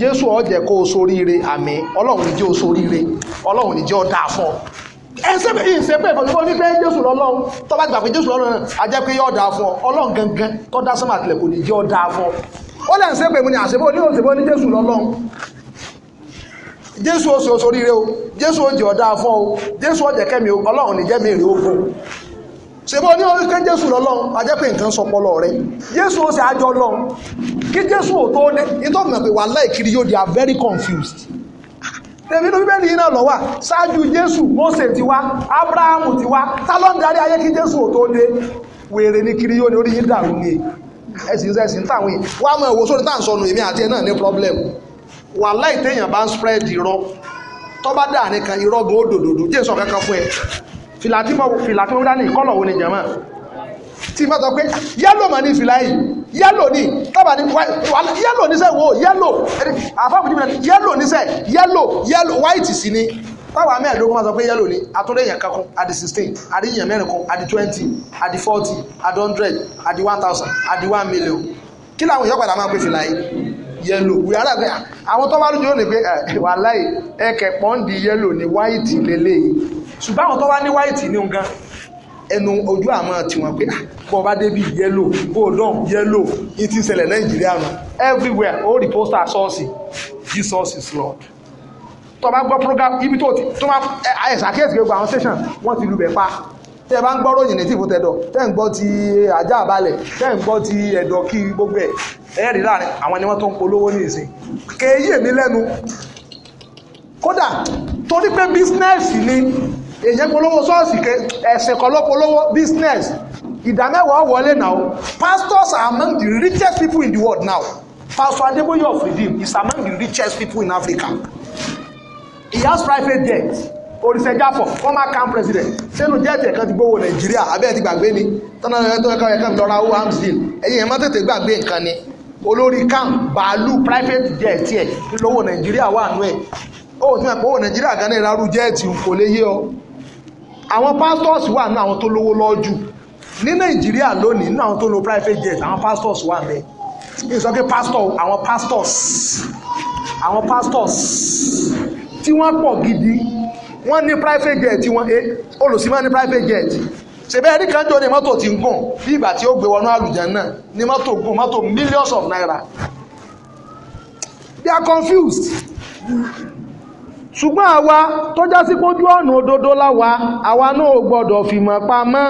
jésù ó jẹ́ kó o soríire àmín ọlọ́run ní jẹ́ o soríire ọlọ́run ní jẹ́ ọ̀dà fún ọ ẹsẹ ìṣe pé ìfọ̀sọ́fọ́ ní pé jésù lọ́lọ́run tó bá gbà pé jésù lọ́lọ́run a jẹ́ pé fún ọ ọlọ́run gangan tó dá kò ní jẹ́ ọ fún ọ ó lẹ́ ń ṣépè mú ni àṣebó ní òṣèbó ní jésù lọ́lọ́run jésù ó sọ oríire o jésù ó jẹ ọ̀dá afọ́ o jésù ọ̀jẹ̀ kẹ́mi o ọlọ́run níjẹ́ mi rí ogun ṣèbó ní orí pé jésù lọ́lọ́run ajẹ́pẹ́ nǹkan sọpọlọ rẹ jésù ó ṣe àjọ lọ́run kí jésù ò tó ní nítorí mọ̀ pé wà láìkiri yóò di are very confused tèmi ló bíbélì yìí náà lọ wà ṣáájú jésù mose ti wá abrahamu ti wá tá ló ń darí ayé kí jésù ò tó dé wèrè ní kiri yóò ní orí yìí dàrú ní ẹ̀sìn ẹ̀sìn ń tàwọn èèyàn wá mọ̀ ìwòsàn tá à ń sọnù èmi àti ẹ̀ náà ní problem wàláì téèyàn bá ń spread irọ́ tó bá dà ní kan irọ́ gan òdòdòdò jésù kankan fún ẹ fìlà tí mo fìlà tí mo dání kọ́lọ̀ wo ni jẹ̀mọ́ tí mo sọ pé yẹ́lò mà ní fìlà yìí yẹ́lò ní tábà ní yẹ́lò níṣẹ́ wo yẹ́lò àfáàfù yẹ́lò níṣẹ́ yẹ́lò yẹ́lò white sí ni táwa mẹ́ẹ̀ẹ́dógún máa sọ pé yẹ́lò ni àtúndé èèyàn kan kún àdì sixteen àdì èèyàn mẹ́rin kún àdì twenty àdì forty àdì hundred àdì one thousand àdì one million kí làwọn èèyàn padà máa pè fìlà yìí yẹ́lò wíwá láti àwọn tó bá lójú ó ní pé eh, eh, wàláì ẹ̀kẹ́ pọ́ǹdì yẹ́lò ni wáìtì lélẹ́yìí ṣùgbọ́n àwọn tó wá ní wáìtì ní nǹkan ẹnu ojú àmọ́ tiwọn pé ah, bọ́ bá débi yẹ́lò bọ́ọ̀dọ́n yẹ́lò ní ti ṣẹlẹ̀ nàìjíríà nù everywhere all the posters ṣọ́ọ̀ṣì Jesus is Lord tó bá gbọ́ program ibi tó ti tó bá àyẹ̀sà kíyèsí gbogbo àwọn station wọ́n ti lùbẹ̀ pa tẹ́ ẹ bá ń gbọ́ ròyìn ní tìfún tẹ̀dọ̀ tẹ́ ń gbọ́ ti ajá àbálẹ̀ tẹ́ ń gbọ́ ti ẹ̀dọ̀ kí gbogbo ẹ̀ ẹ̀ láàrin àwọn ni wọ́n tó ń polówó ní ìsìn kéyí èmi lẹ́nu kódà torí pé bísínẹ́sì ni èyàn polówó ṣọ́ọ̀ṣì ké ẹ̀sìn kan ló polówó bísínẹ́sì ìdá mẹ́wàá wọlé now pastors are among the richest people in the world now Pastor Adeboye of Redeem is among the richest people in Africa he has private debt oríṣẹ́jáfọ̀ former camp president sẹ́nu jẹ́ẹ̀tì ẹ̀kan ti gbowó nàìjíríà abẹ́ẹ̀ ti gbàgbé ni tọ́nà ẹ̀tọ́ ẹ̀ka ẹ̀ka lọ́ra owó arms deal ẹ̀yìn ẹ̀ má tètè gbàgbé nǹkan ni olórí camp bàálù private jet ẹ̀ lówó nàìjíríà wà nù ẹ̀ ó ti mọ̀ pé owó nàìjíríà gan ní ìrarú jẹ́ẹ̀tì kò lè yé ọ àwọn pastors wà nù àwọn tó lówó lọ́jù ní nàìjíríà lónìí nù àwọn tó lo private jet àwọn pastors wà bẹ́ẹ̀ ìsọ̀kè pastor àwọn pastors àwọn pastors tí wọ́n pọ̀ gidi wọ́n ní private jet wọn eh, olùsímọ́ ní private jet ṣèbẹ́ ẹni kan jọ ní mọ́tò tí ń gùn bí ìgbà tí ó gbé wọnú àlùjá náà ní mọ́tò gùn mọ́tò millions of naira they are confused ṣùgbọ́n àwa tó já sí pójú ọ̀nà òdodo láwa àwa náà ò gbọ́dọ̀ fìmọ̀ pamọ́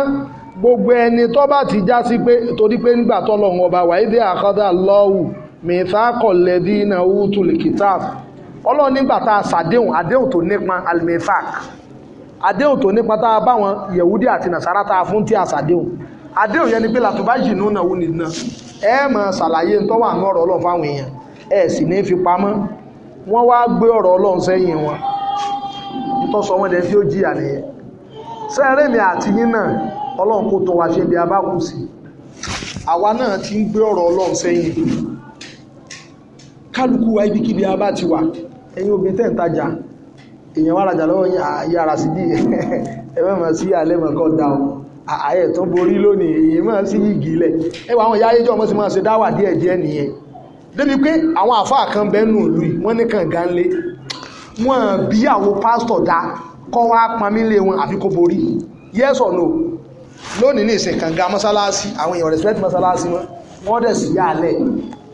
gbogbo ẹni tó bá ti já sí pé torí pé nígbà tọ́lọ́run ọba wàídé àkọ́dà lọ́wù mẹ́fà kọ̀lẹ́dínà wútùlì kìtàbù ọlọ́run nígbà tá a ṣàdéhùn àdéhùn tó nípa almefak àdéhùn tó nípa tá a bá wọn yẹ̀wúdí àti nàṣàrà tá a fún tí a ṣàdéhùn àdéhùn yẹn ni pé làtúbá yìí nù náà wù ní iná ẹ máa ṣàlàyé ń tọ́wọ́ àná ọ̀rọ̀ ọlọ́run fáwọn èèyàn ẹ sì ní fi pamọ́ wọ́n wá gbé ọ̀rọ̀ ọlọ́run sẹ́yìn wọn tó sọ wọ́n dẹ̀ tí ó jìyà nìyẹn sẹ́rẹ́ mi àti yín náà ọlọ́run kó tó wa ṣe bí a sí àwa náà ti ń gbé ọ̀rọ̀ ọlọ́run sẹ́yìn kálukú wa ibikíbi a ti wà ẹ̀yin obìnrin tẹ́ ń tajà èèyàn wá rajà lọ́wọ́ yín yára sí bí ẹ̀mọ́ mọ̀ sí alẹ́ mọ̀ kọ́ da o ààyè tó borí lónìí èyí mọ̀ sí yìgì ilẹ̀ ẹwà àwọn ìyá ayéjọ́ ọmọ sí máa ṣe dáwà díẹ̀ díẹ̀ nìyẹn débi pé àwọn àfáà kan bẹ́nu ìlú wọn ní kàngan lé wọn bí àwọn pásítọ̀ dá kọ́ wá pamílé wọn àfi kó borí yes or no lónìí ní ìsìn kàngan mọ́sálásí àwọn èèyàn respect mọ́sálásí wọn wọ́n dẹ̀ sí yá alẹ́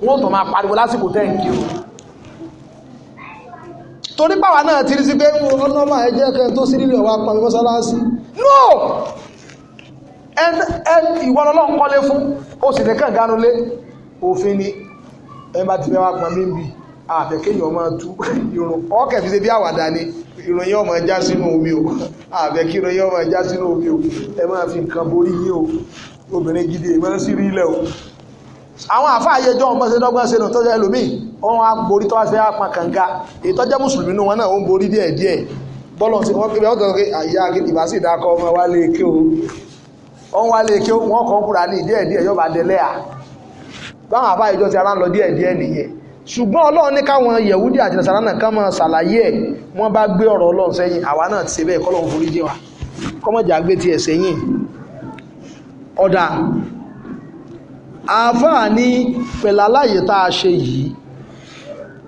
wọ́n tó máa pariwo lásìkò tẹ́ǹkì o torí báwa náà ti rí sí pé ọ̀nà máa jẹ́ kẹ́ tó sí nílé ọ̀wá pàmí mọ́sálásí no ìwọ ọlọ́run kọ́lé fún ó sì ní kàn gánulé òfin ni ẹ bá ti fẹ́ wá pàmí bì àfẹ́kéyìn ọmọ tú irun ọkẹ̀ fi ṣe bí àwàdà ni ìròyìn ọmọ já sínú omi o àfẹ́kí ìròyìn ọmọ já sínú omi o ẹ máa fi nǹkan borí yín o obìnrin gidi ìmọ̀ sí rí ilẹ̀ o àwọn àfáà ayé jọ ọmọ ṣẹdọgbọn ṣe nù tó jẹ ẹlòmíì wọn wá borí tó wá fẹ́ apá kànga èyí tó jẹ́ mùsùlùmí nù wọn náà ó ń borí díẹ̀ díẹ̀ bọ́lọ̀ sí wọ́n pé ọ̀dọ̀ pé àyà ìbá sì dákọ̀ ọmọ wa lè ké o wọ́n wá lè ké o wọ́n kàn kúra ní díẹ̀ díẹ̀ yóò bá délẹ̀ à báwọn àfáà ìjọ ti ara ń lọ díẹ̀ díẹ̀ nìyẹn ṣùgbọ́n ọlọ́run ní káwọn yẹ̀wúdí àti nàṣàrà náà kán máa ṣàlàyé ẹ̀ wọ́n bá gbé ọ̀rọ̀ ọlọ́run sẹ́yìn àwa náà ti ṣe bẹ́ẹ̀ kọ́lọ́run forí jẹ́ wa kọ́mọ̀jà gbé tiẹ̀ sẹ́yìn ọ̀dà àáfàá ní pẹ̀lú aláyè tá a ṣe yìí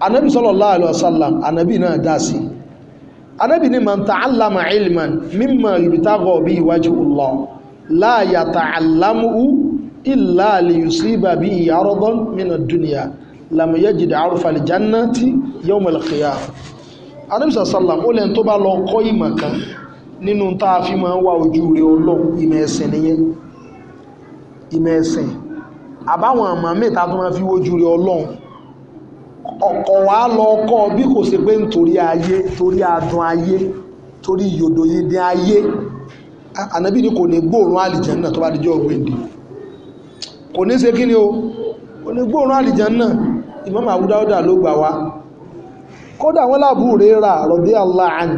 anabi sallallahu alaihi wasallam anabi náà dá sí anabi ní man ta'allama ilman mimma yubtagha bihi wajhullah la yata'allamuhu illa liyusiba bihi aradan min ad-dunya lam yajid arfa jannati yawm al-qiyamah anabi sallam ó lẹ́n tó lọ kọ́ ìmọ̀ kan nínú fi máa ń ojú rẹ̀ ọlọ́ ìmọ̀ ẹ̀sìn nìyẹn ìmọ̀ ẹ̀sìn àbáwọn ọmọ mẹ́ta tó máa fi wojú rẹ ọlọ́run ọkọ̀ wa lọ ọkọ̀ bí kò ṣe pé nítorí ayé torí adùn ayé torí yòdò yìí ayé ànábì ni kò ní gbóòórùn àlìjànnà tó bá dijọ́ ọ̀gbìndì kò ní ṣe kí ni o kò ní gbóòórùn àlìjànnà Imam Abu Dawuda ló gbà wá kódà wọ́n láàbù rẹ̀ rà rọ̀dí aláàn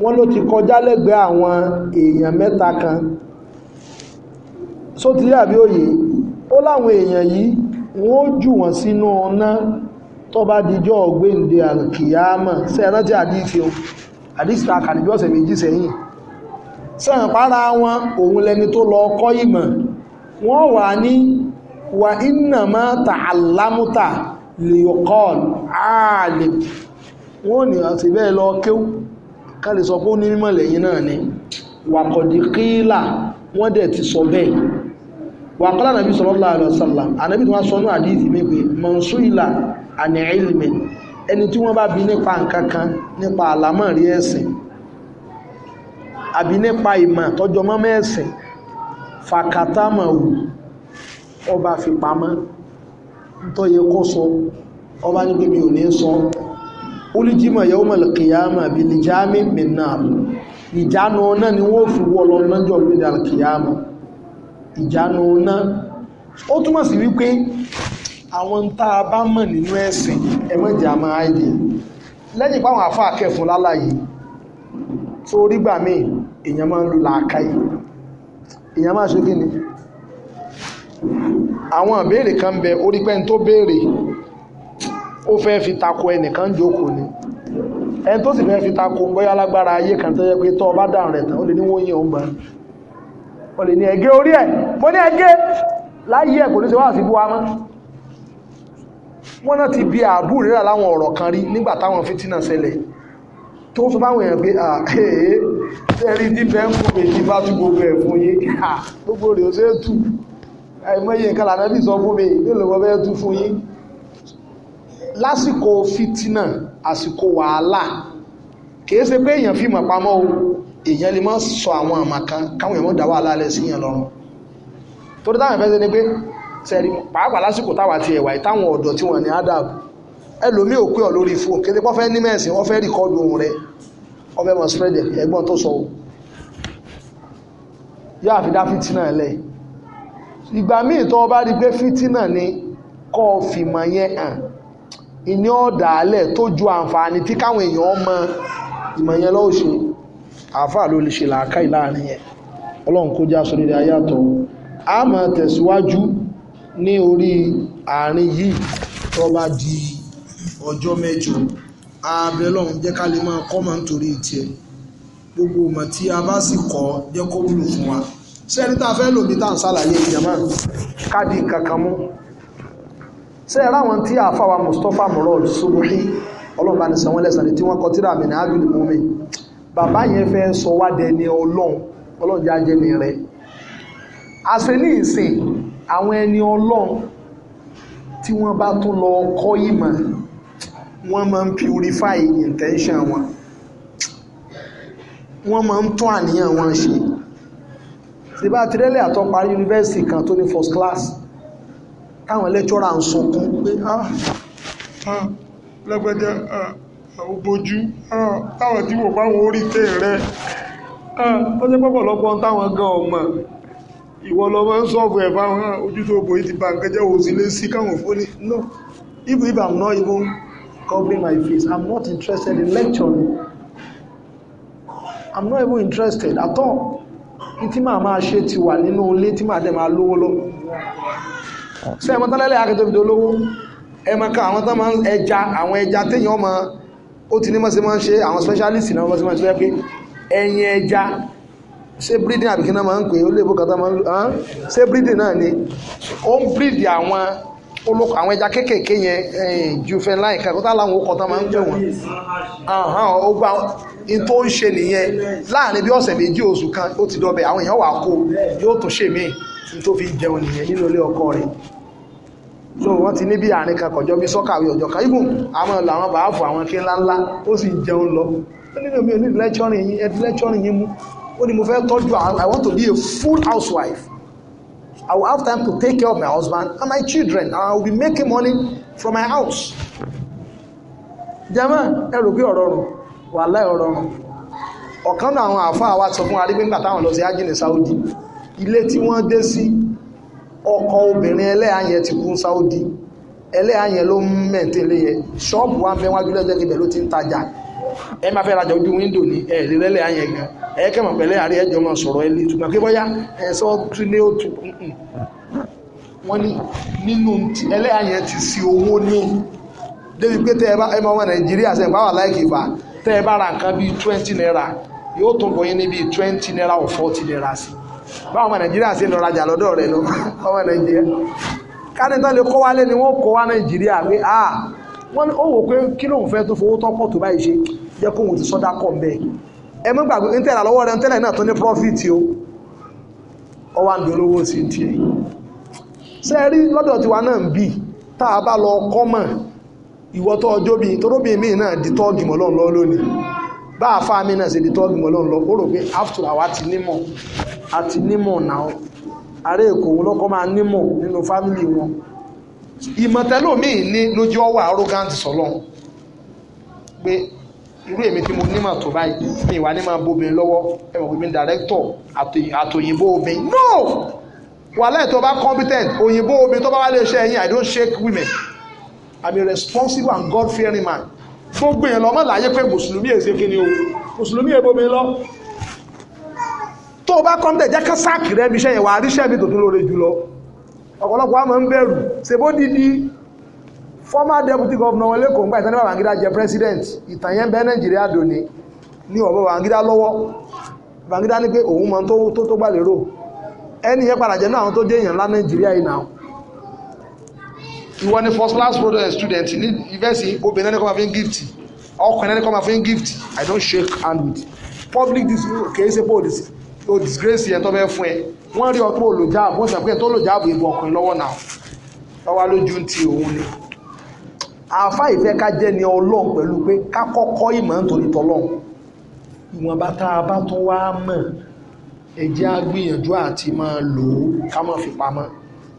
wọ́n ló ti kọjá lẹ́gbẹ̀ẹ́ àwọn èèyàn mẹ́ta kan só ti rí àbí òye ó láwọn èèyàn yìí wọ́n ó jù wọ́n sínú ọ̀nà tó bá dijọ́ ọ̀gbẹ́ǹde alkiyama sẹ́ẹ̀rán tí àdíṣe o àdíṣe ta kà níbi ọ̀sẹ̀ méjì sẹ́yìn sẹ́ẹ̀n para wọn òun lẹni tó lọ kọ́ ìmọ̀ wọ́n wà ní wà innama ta'allamuta liyuqal lè sọ pé ti sọ wàkọ́lá nàbí sallallahu alaihi wasallam ànàbí tí wọ́n sọ ní àdíìtì mépe mọ̀nsú ìlà àní ilmi ẹni tí wọ́n bá bi nípa nǹkan kan nípa àlámọ̀ rí ẹ̀sìn àbí nípa ìmọ̀ tọ́jọ mọ́ mẹ́ẹ̀sìn fàkàtàmọ̀wù ọba fipamọ́ tó yẹ kó sọ ọba ní pé mi ò ní sọ olùjímọ̀ yẹ́wò mọ̀lẹ̀kìyàmà bí lè jámì mìíràn ìjánu náà ni wọ́n fi wọ́ lọ lọ́jọ́ gbẹ̀dẹ̀ alkìyàmà ìjánu ná ó túmọ̀ sí wípé àwọn tá a bá mọ̀ nínú ẹ̀sìn ẹ̀mọ́jẹ̀ àmọ́ àìdè lẹ́yìn pàwọn àfá akẹ́fún lálàyé tó rígbà míì èèyàn máa ń lo làákàyè èèyàn máa ṣe kí ni àwọn ìbéèrè kan bẹ orí pẹ́ni tó béèrè ó fẹ́ fi tako ẹnìkan jókòó ni ẹni tó sì fẹ́ fi tako bóyá lágbára ayé kan tó yẹ pé tó ọba dàn rẹ̀ tán ó lè ní wọ́n yẹ̀ ń gbà wọ́n lè ní ẹgẹ́ orí ẹ̀ mo ní ẹgẹ́ láyé ẹ̀ kò ní ṣe wá sí buwa mọ́ wọ́n náà ti bi àbú ìrírà láwọn ọ̀rọ̀ kan rí nígbà táwọn fìtínà ṣẹlẹ̀ tó sọ báwọn èèyàn pé àhẹ́ẹ́ tẹ́rí ní bẹ́ńkù méjì bá tú gbogbo ẹ̀ é tú àìmọye nǹkan lànà bí sọ fún mi nílò wọ́n fẹ́ tú fún yín lásìkò fìtínà àsìkò wàhálà kìí ṣe pé èèyàn fi mọ̀ pamọ́ o èèyàn lè mọ́ sọ àwọn àmà kan káwọn èèyàn mọ́ dá wàhálà alẹ́ sí yẹn lọ́rùn torí táwọn ìfẹ́ ṣe ni pé sẹ́ẹ̀rí pàápàá lásìkò táwa ti ẹ̀wà ìtàwọn ọ̀dọ́ tí wọ́n ní adab ẹlòmí ò pé ọ lórí fún òkè tí wọ́n fẹ́ ní mẹ́sìn wọ́n fẹ́ rìkọ́dù ohun rẹ ọbẹ̀ mọ̀ spreadẹ̀ ẹgbọ́n tó sọ yóò àfi dá fìtínà lẹ̀ ìgbà míì tó bá rí pé fìtínà ni kọ́ fìmọ̀ yẹn hàn ìní ọ̀dà alẹ̀ tó ju àǹfààní tí káwọn èèyàn mọ ìmọ̀ yẹn lọ́wọ́ ṣe àáfàá ló lè ṣe làákàyè láàrin yẹn ọlọ́run kó já sórí ayé àtọ̀ a máa tẹ̀síwájú ní orí àárín yìí tó bá di ọjọ́ mẹ́jọ abẹ lọ́run jẹ́ ká lè máa kọ́ máa ń torí tiẹ̀ gbogbo ọmọ tí a bá sì kọ́ jẹ́ kó wúlò fún wa ṣé ẹni tá a fẹ́ lò bí tá à ìjàmá káàdì kankan mú ṣé ẹ ráwọn tí àáfàá wa Mustapha Murad Subuhi ọlọ́run bá ní sanwó-ẹlẹ́sàn tí wọ́n kọ tíra àmì ní ábìlì mọ́mí bàbá yẹn fẹ́ sọ wá dẹni ọlọ́run ọlọ́run já jẹ́ mi rẹ̀ àṣẹ ní ìsìn àwọn ẹni ọlọ́run tí wọ́n bá tún lọ kọ́ ìmọ̀ wọ́n máa ń purify intention wọn wọ́n máa ń tún àníyàn wọn ṣe síbá tirẹ́lẹ̀ àtọ́parí yunifásitì kan tó ní first class táwọn lẹ́tọ́rà ń sunkún pé ah ah lẹ́gbẹ́jẹ́ ah ó bójú ah, táwọn tí wò fáwọn orí tè rẹ ah, ó jẹ́ pọ́pọ̀lọpọ̀ táwọn gan ọmọ ìwọ lọmọ ń sọ́ọ̀bù ẹ̀ fáwọn ah, ojú tó bòyí ti ba nǹkan jẹ́ òsì lé sí káwọn fóní no even if i'm not even covering my face i'm not interested in lecturing i'm not even interested at all ní tí màá máa ṣe ti wà nínú ilé tí màá dẹ̀ máa lówó lọ ṣé ẹ mọ akẹ́tọ́ fi dolówó ẹ mọ àwọn tán máa ń ẹja àwọn ẹja téèyàn máa ó ti ní mọ́sí máa ń ṣe àwọn specialist náà mọ́sí máa ń ṣe pé ẹyin ẹja ṣé breeding àbíkí náà máa ń pè ó lè bókàtà máa ń lò hàn ṣé breeding náà ni ó ń breed àwọn olóko àwọn ẹja kéékèèké yẹn ju fẹ́ńláì kàkọ́tà láwọn ó kọ́tà máa ń pè wọ́n ó gba in tó ń ṣe nìyẹn láàrin bí ọ̀sẹ̀ méjì oṣù kan ó ti dọbẹ̀ àwọn èèyàn wà kó yóò tún ṣèmí in tó fi jẹun nìyẹn nínú ilé ọkọ rẹ̀ so wọ́n ti ní bí àárín kan kọjọ́ bí sọ́kàwé ọjọ́ kan ibùn àwọn làwọn bàáfù àwọn kí ńlá ńlá ó sì jẹun lọ ó ní mi ò ní lẹ́tọ́rìn yín ẹ̀dí lẹ́tọ́rìn yín mú ó ní mo fẹ́ tọ́jú I want to be a full housewife I will have time to take care of my husband and my children and I will be making money from my house jama ẹ rò pé ọ̀rọ̀ rùn wàláhì ọ̀rọ̀ rùn ọ̀kan náà àwọn àáfàá wa sọ fún wa rí pé lọ sí ájínì Saudi ilé tí wọ́n dé sí ọkọ obìnrin ẹlẹ́yà ti kún Saudi ẹlẹ́yà ló ń mẹ̀tẹ́lẹ̀ ṣọ́ọ̀bù wa ń fẹ́ wájú lẹ́jọ́ ló ti ń tajà ẹ máa fẹ́ rajà ojú wíńdò ní ẹ lè lẹ́lẹ̀ gan ẹ kẹ́mọ̀ pẹ̀lẹ́ àrí ẹjọ́ máa sọ̀rọ̀ ẹlẹ́ bọ́yá ti sí owó ní débi pé ẹ máa wọ nàìjíríà báwà ẹ bá ra naira yóò tún naira or naira sí báwọn ọmọ nàìjíríà ṣe lọ rajà lọ́dọ̀ rẹ̀ lọ nàìjíríà lè wálé ni wọ́n kó wá nàìjíríà pé à wọ́n ó wò pé kí fẹ́ tó fowó tọ́pọ̀ tó báyìí ṣe jẹ́ kóun ti sọ́dá kọ̀ ẹ mọ́ gbàgbé ń lọ́wọ́ rẹ̀ ń tẹ́lẹ̀ náà tó ní o ọ wá ń sí tiẹ̀ ṣe rí lọ́dọ̀ tiwa náà ń bì tá a bá lọ bá a fa mi náà ṣe di tọ́ọ̀gì mọ́ lọ́nà lọ ó rò pé after hour ti nímọ̀ àti nímọ̀ náà ààrẹ èkó wọn lọ́kọ́ máa nímọ̀ nínú fámìlì wọn ìmọ̀tẹ́lómìn ní lójú ọwọ́ arrogant sọlọ́n pé irú èmi tí mo nímọ̀ tó báyìí mi ìwà ní máa bóbin lọ́wọ́ ẹ̀wọ̀n pé mi ń dàrẹ́kítọ̀ àtòyìnbó obìn no wàhálà tó bá competent òyìnbó obìn tó bá wà lè ṣe ẹ̀yìn i don't shake women i'm a responsible and god fearing man gbogbo èèyàn lọ́mọ́ láyé pé mùsùlùmí èsè kí ni o mùsùlùmí èbómi lọ tó bá kọ́ńtẹ̀ jẹ́ kán sáàkì rẹ̀ ibiṣẹ́ yẹn wà ríṣẹ́ mi tòtún lóore jùlọ ọ̀pọ̀lọpọ̀ a máa ń bẹ̀rù ṣèbó dídí former deputy governor wọn lẹ́kọ̀ọ́ nígbà ìtàn ní Babangida president ìtàn yẹn bẹ Nàìjíríà dòní ní ọ̀bọ̀ Babangida lọ́wọ́ Babangida ní pé òun mọ tó tó gbà lérò ẹni yẹn padà jẹ́ náà àwọn tó jẹ́ èèyàn ńlá Nàìjíríà yìí náà ìwọ ni first class eh, student ní yunifásitì obìnrin ẹni kọ́ máa fi ń gift ọkùnrin ẹni kọ́ máa fi ń gift i don't shake hand with public kì í ṣe pé o disgrace yẹn tó fẹ́ fún ẹ wọ́n rí ọtún olùjáàbò wọ́n sọ pé tó olùjáàbò ìbò ọkùnrin lọ́wọ́ náà lọ́wọ́ lójú ti òun ni àfa ìfẹ́ ká jẹ́ ni ọlọ́run pẹ̀lú pé ká kọ́kọ́ ìmọ̀ nítorí tọlọ́run ìwọ̀nba tá a bá tún wá mọ̀ ẹ jẹ́ á gbìyànjú àti máa lò ó ká má fi pamọ́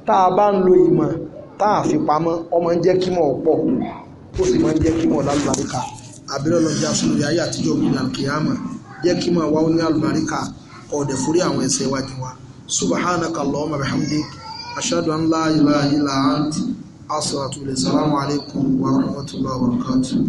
tá a bá ń lo ìmọ̀ tá a fi pamọ́ ọmọ ń jẹ́ kímọ̀ ọ̀pọ̀ ó sì máa ń jẹ́ kímọ̀ lálùbáríkà àbẹ̀rẹ̀ lọ́jà sunu yáyé àtijọ́ mi làlùkìyàmà jẹ́ kímọ̀ wa ó ní ọ̀dẹ̀ forí àwọn ẹ̀ṣẹ̀ wájú wa subhanaka allahumma bihamdik ashhadu an la ilaha illa ant asalaatu alaykum wa rahmatullahi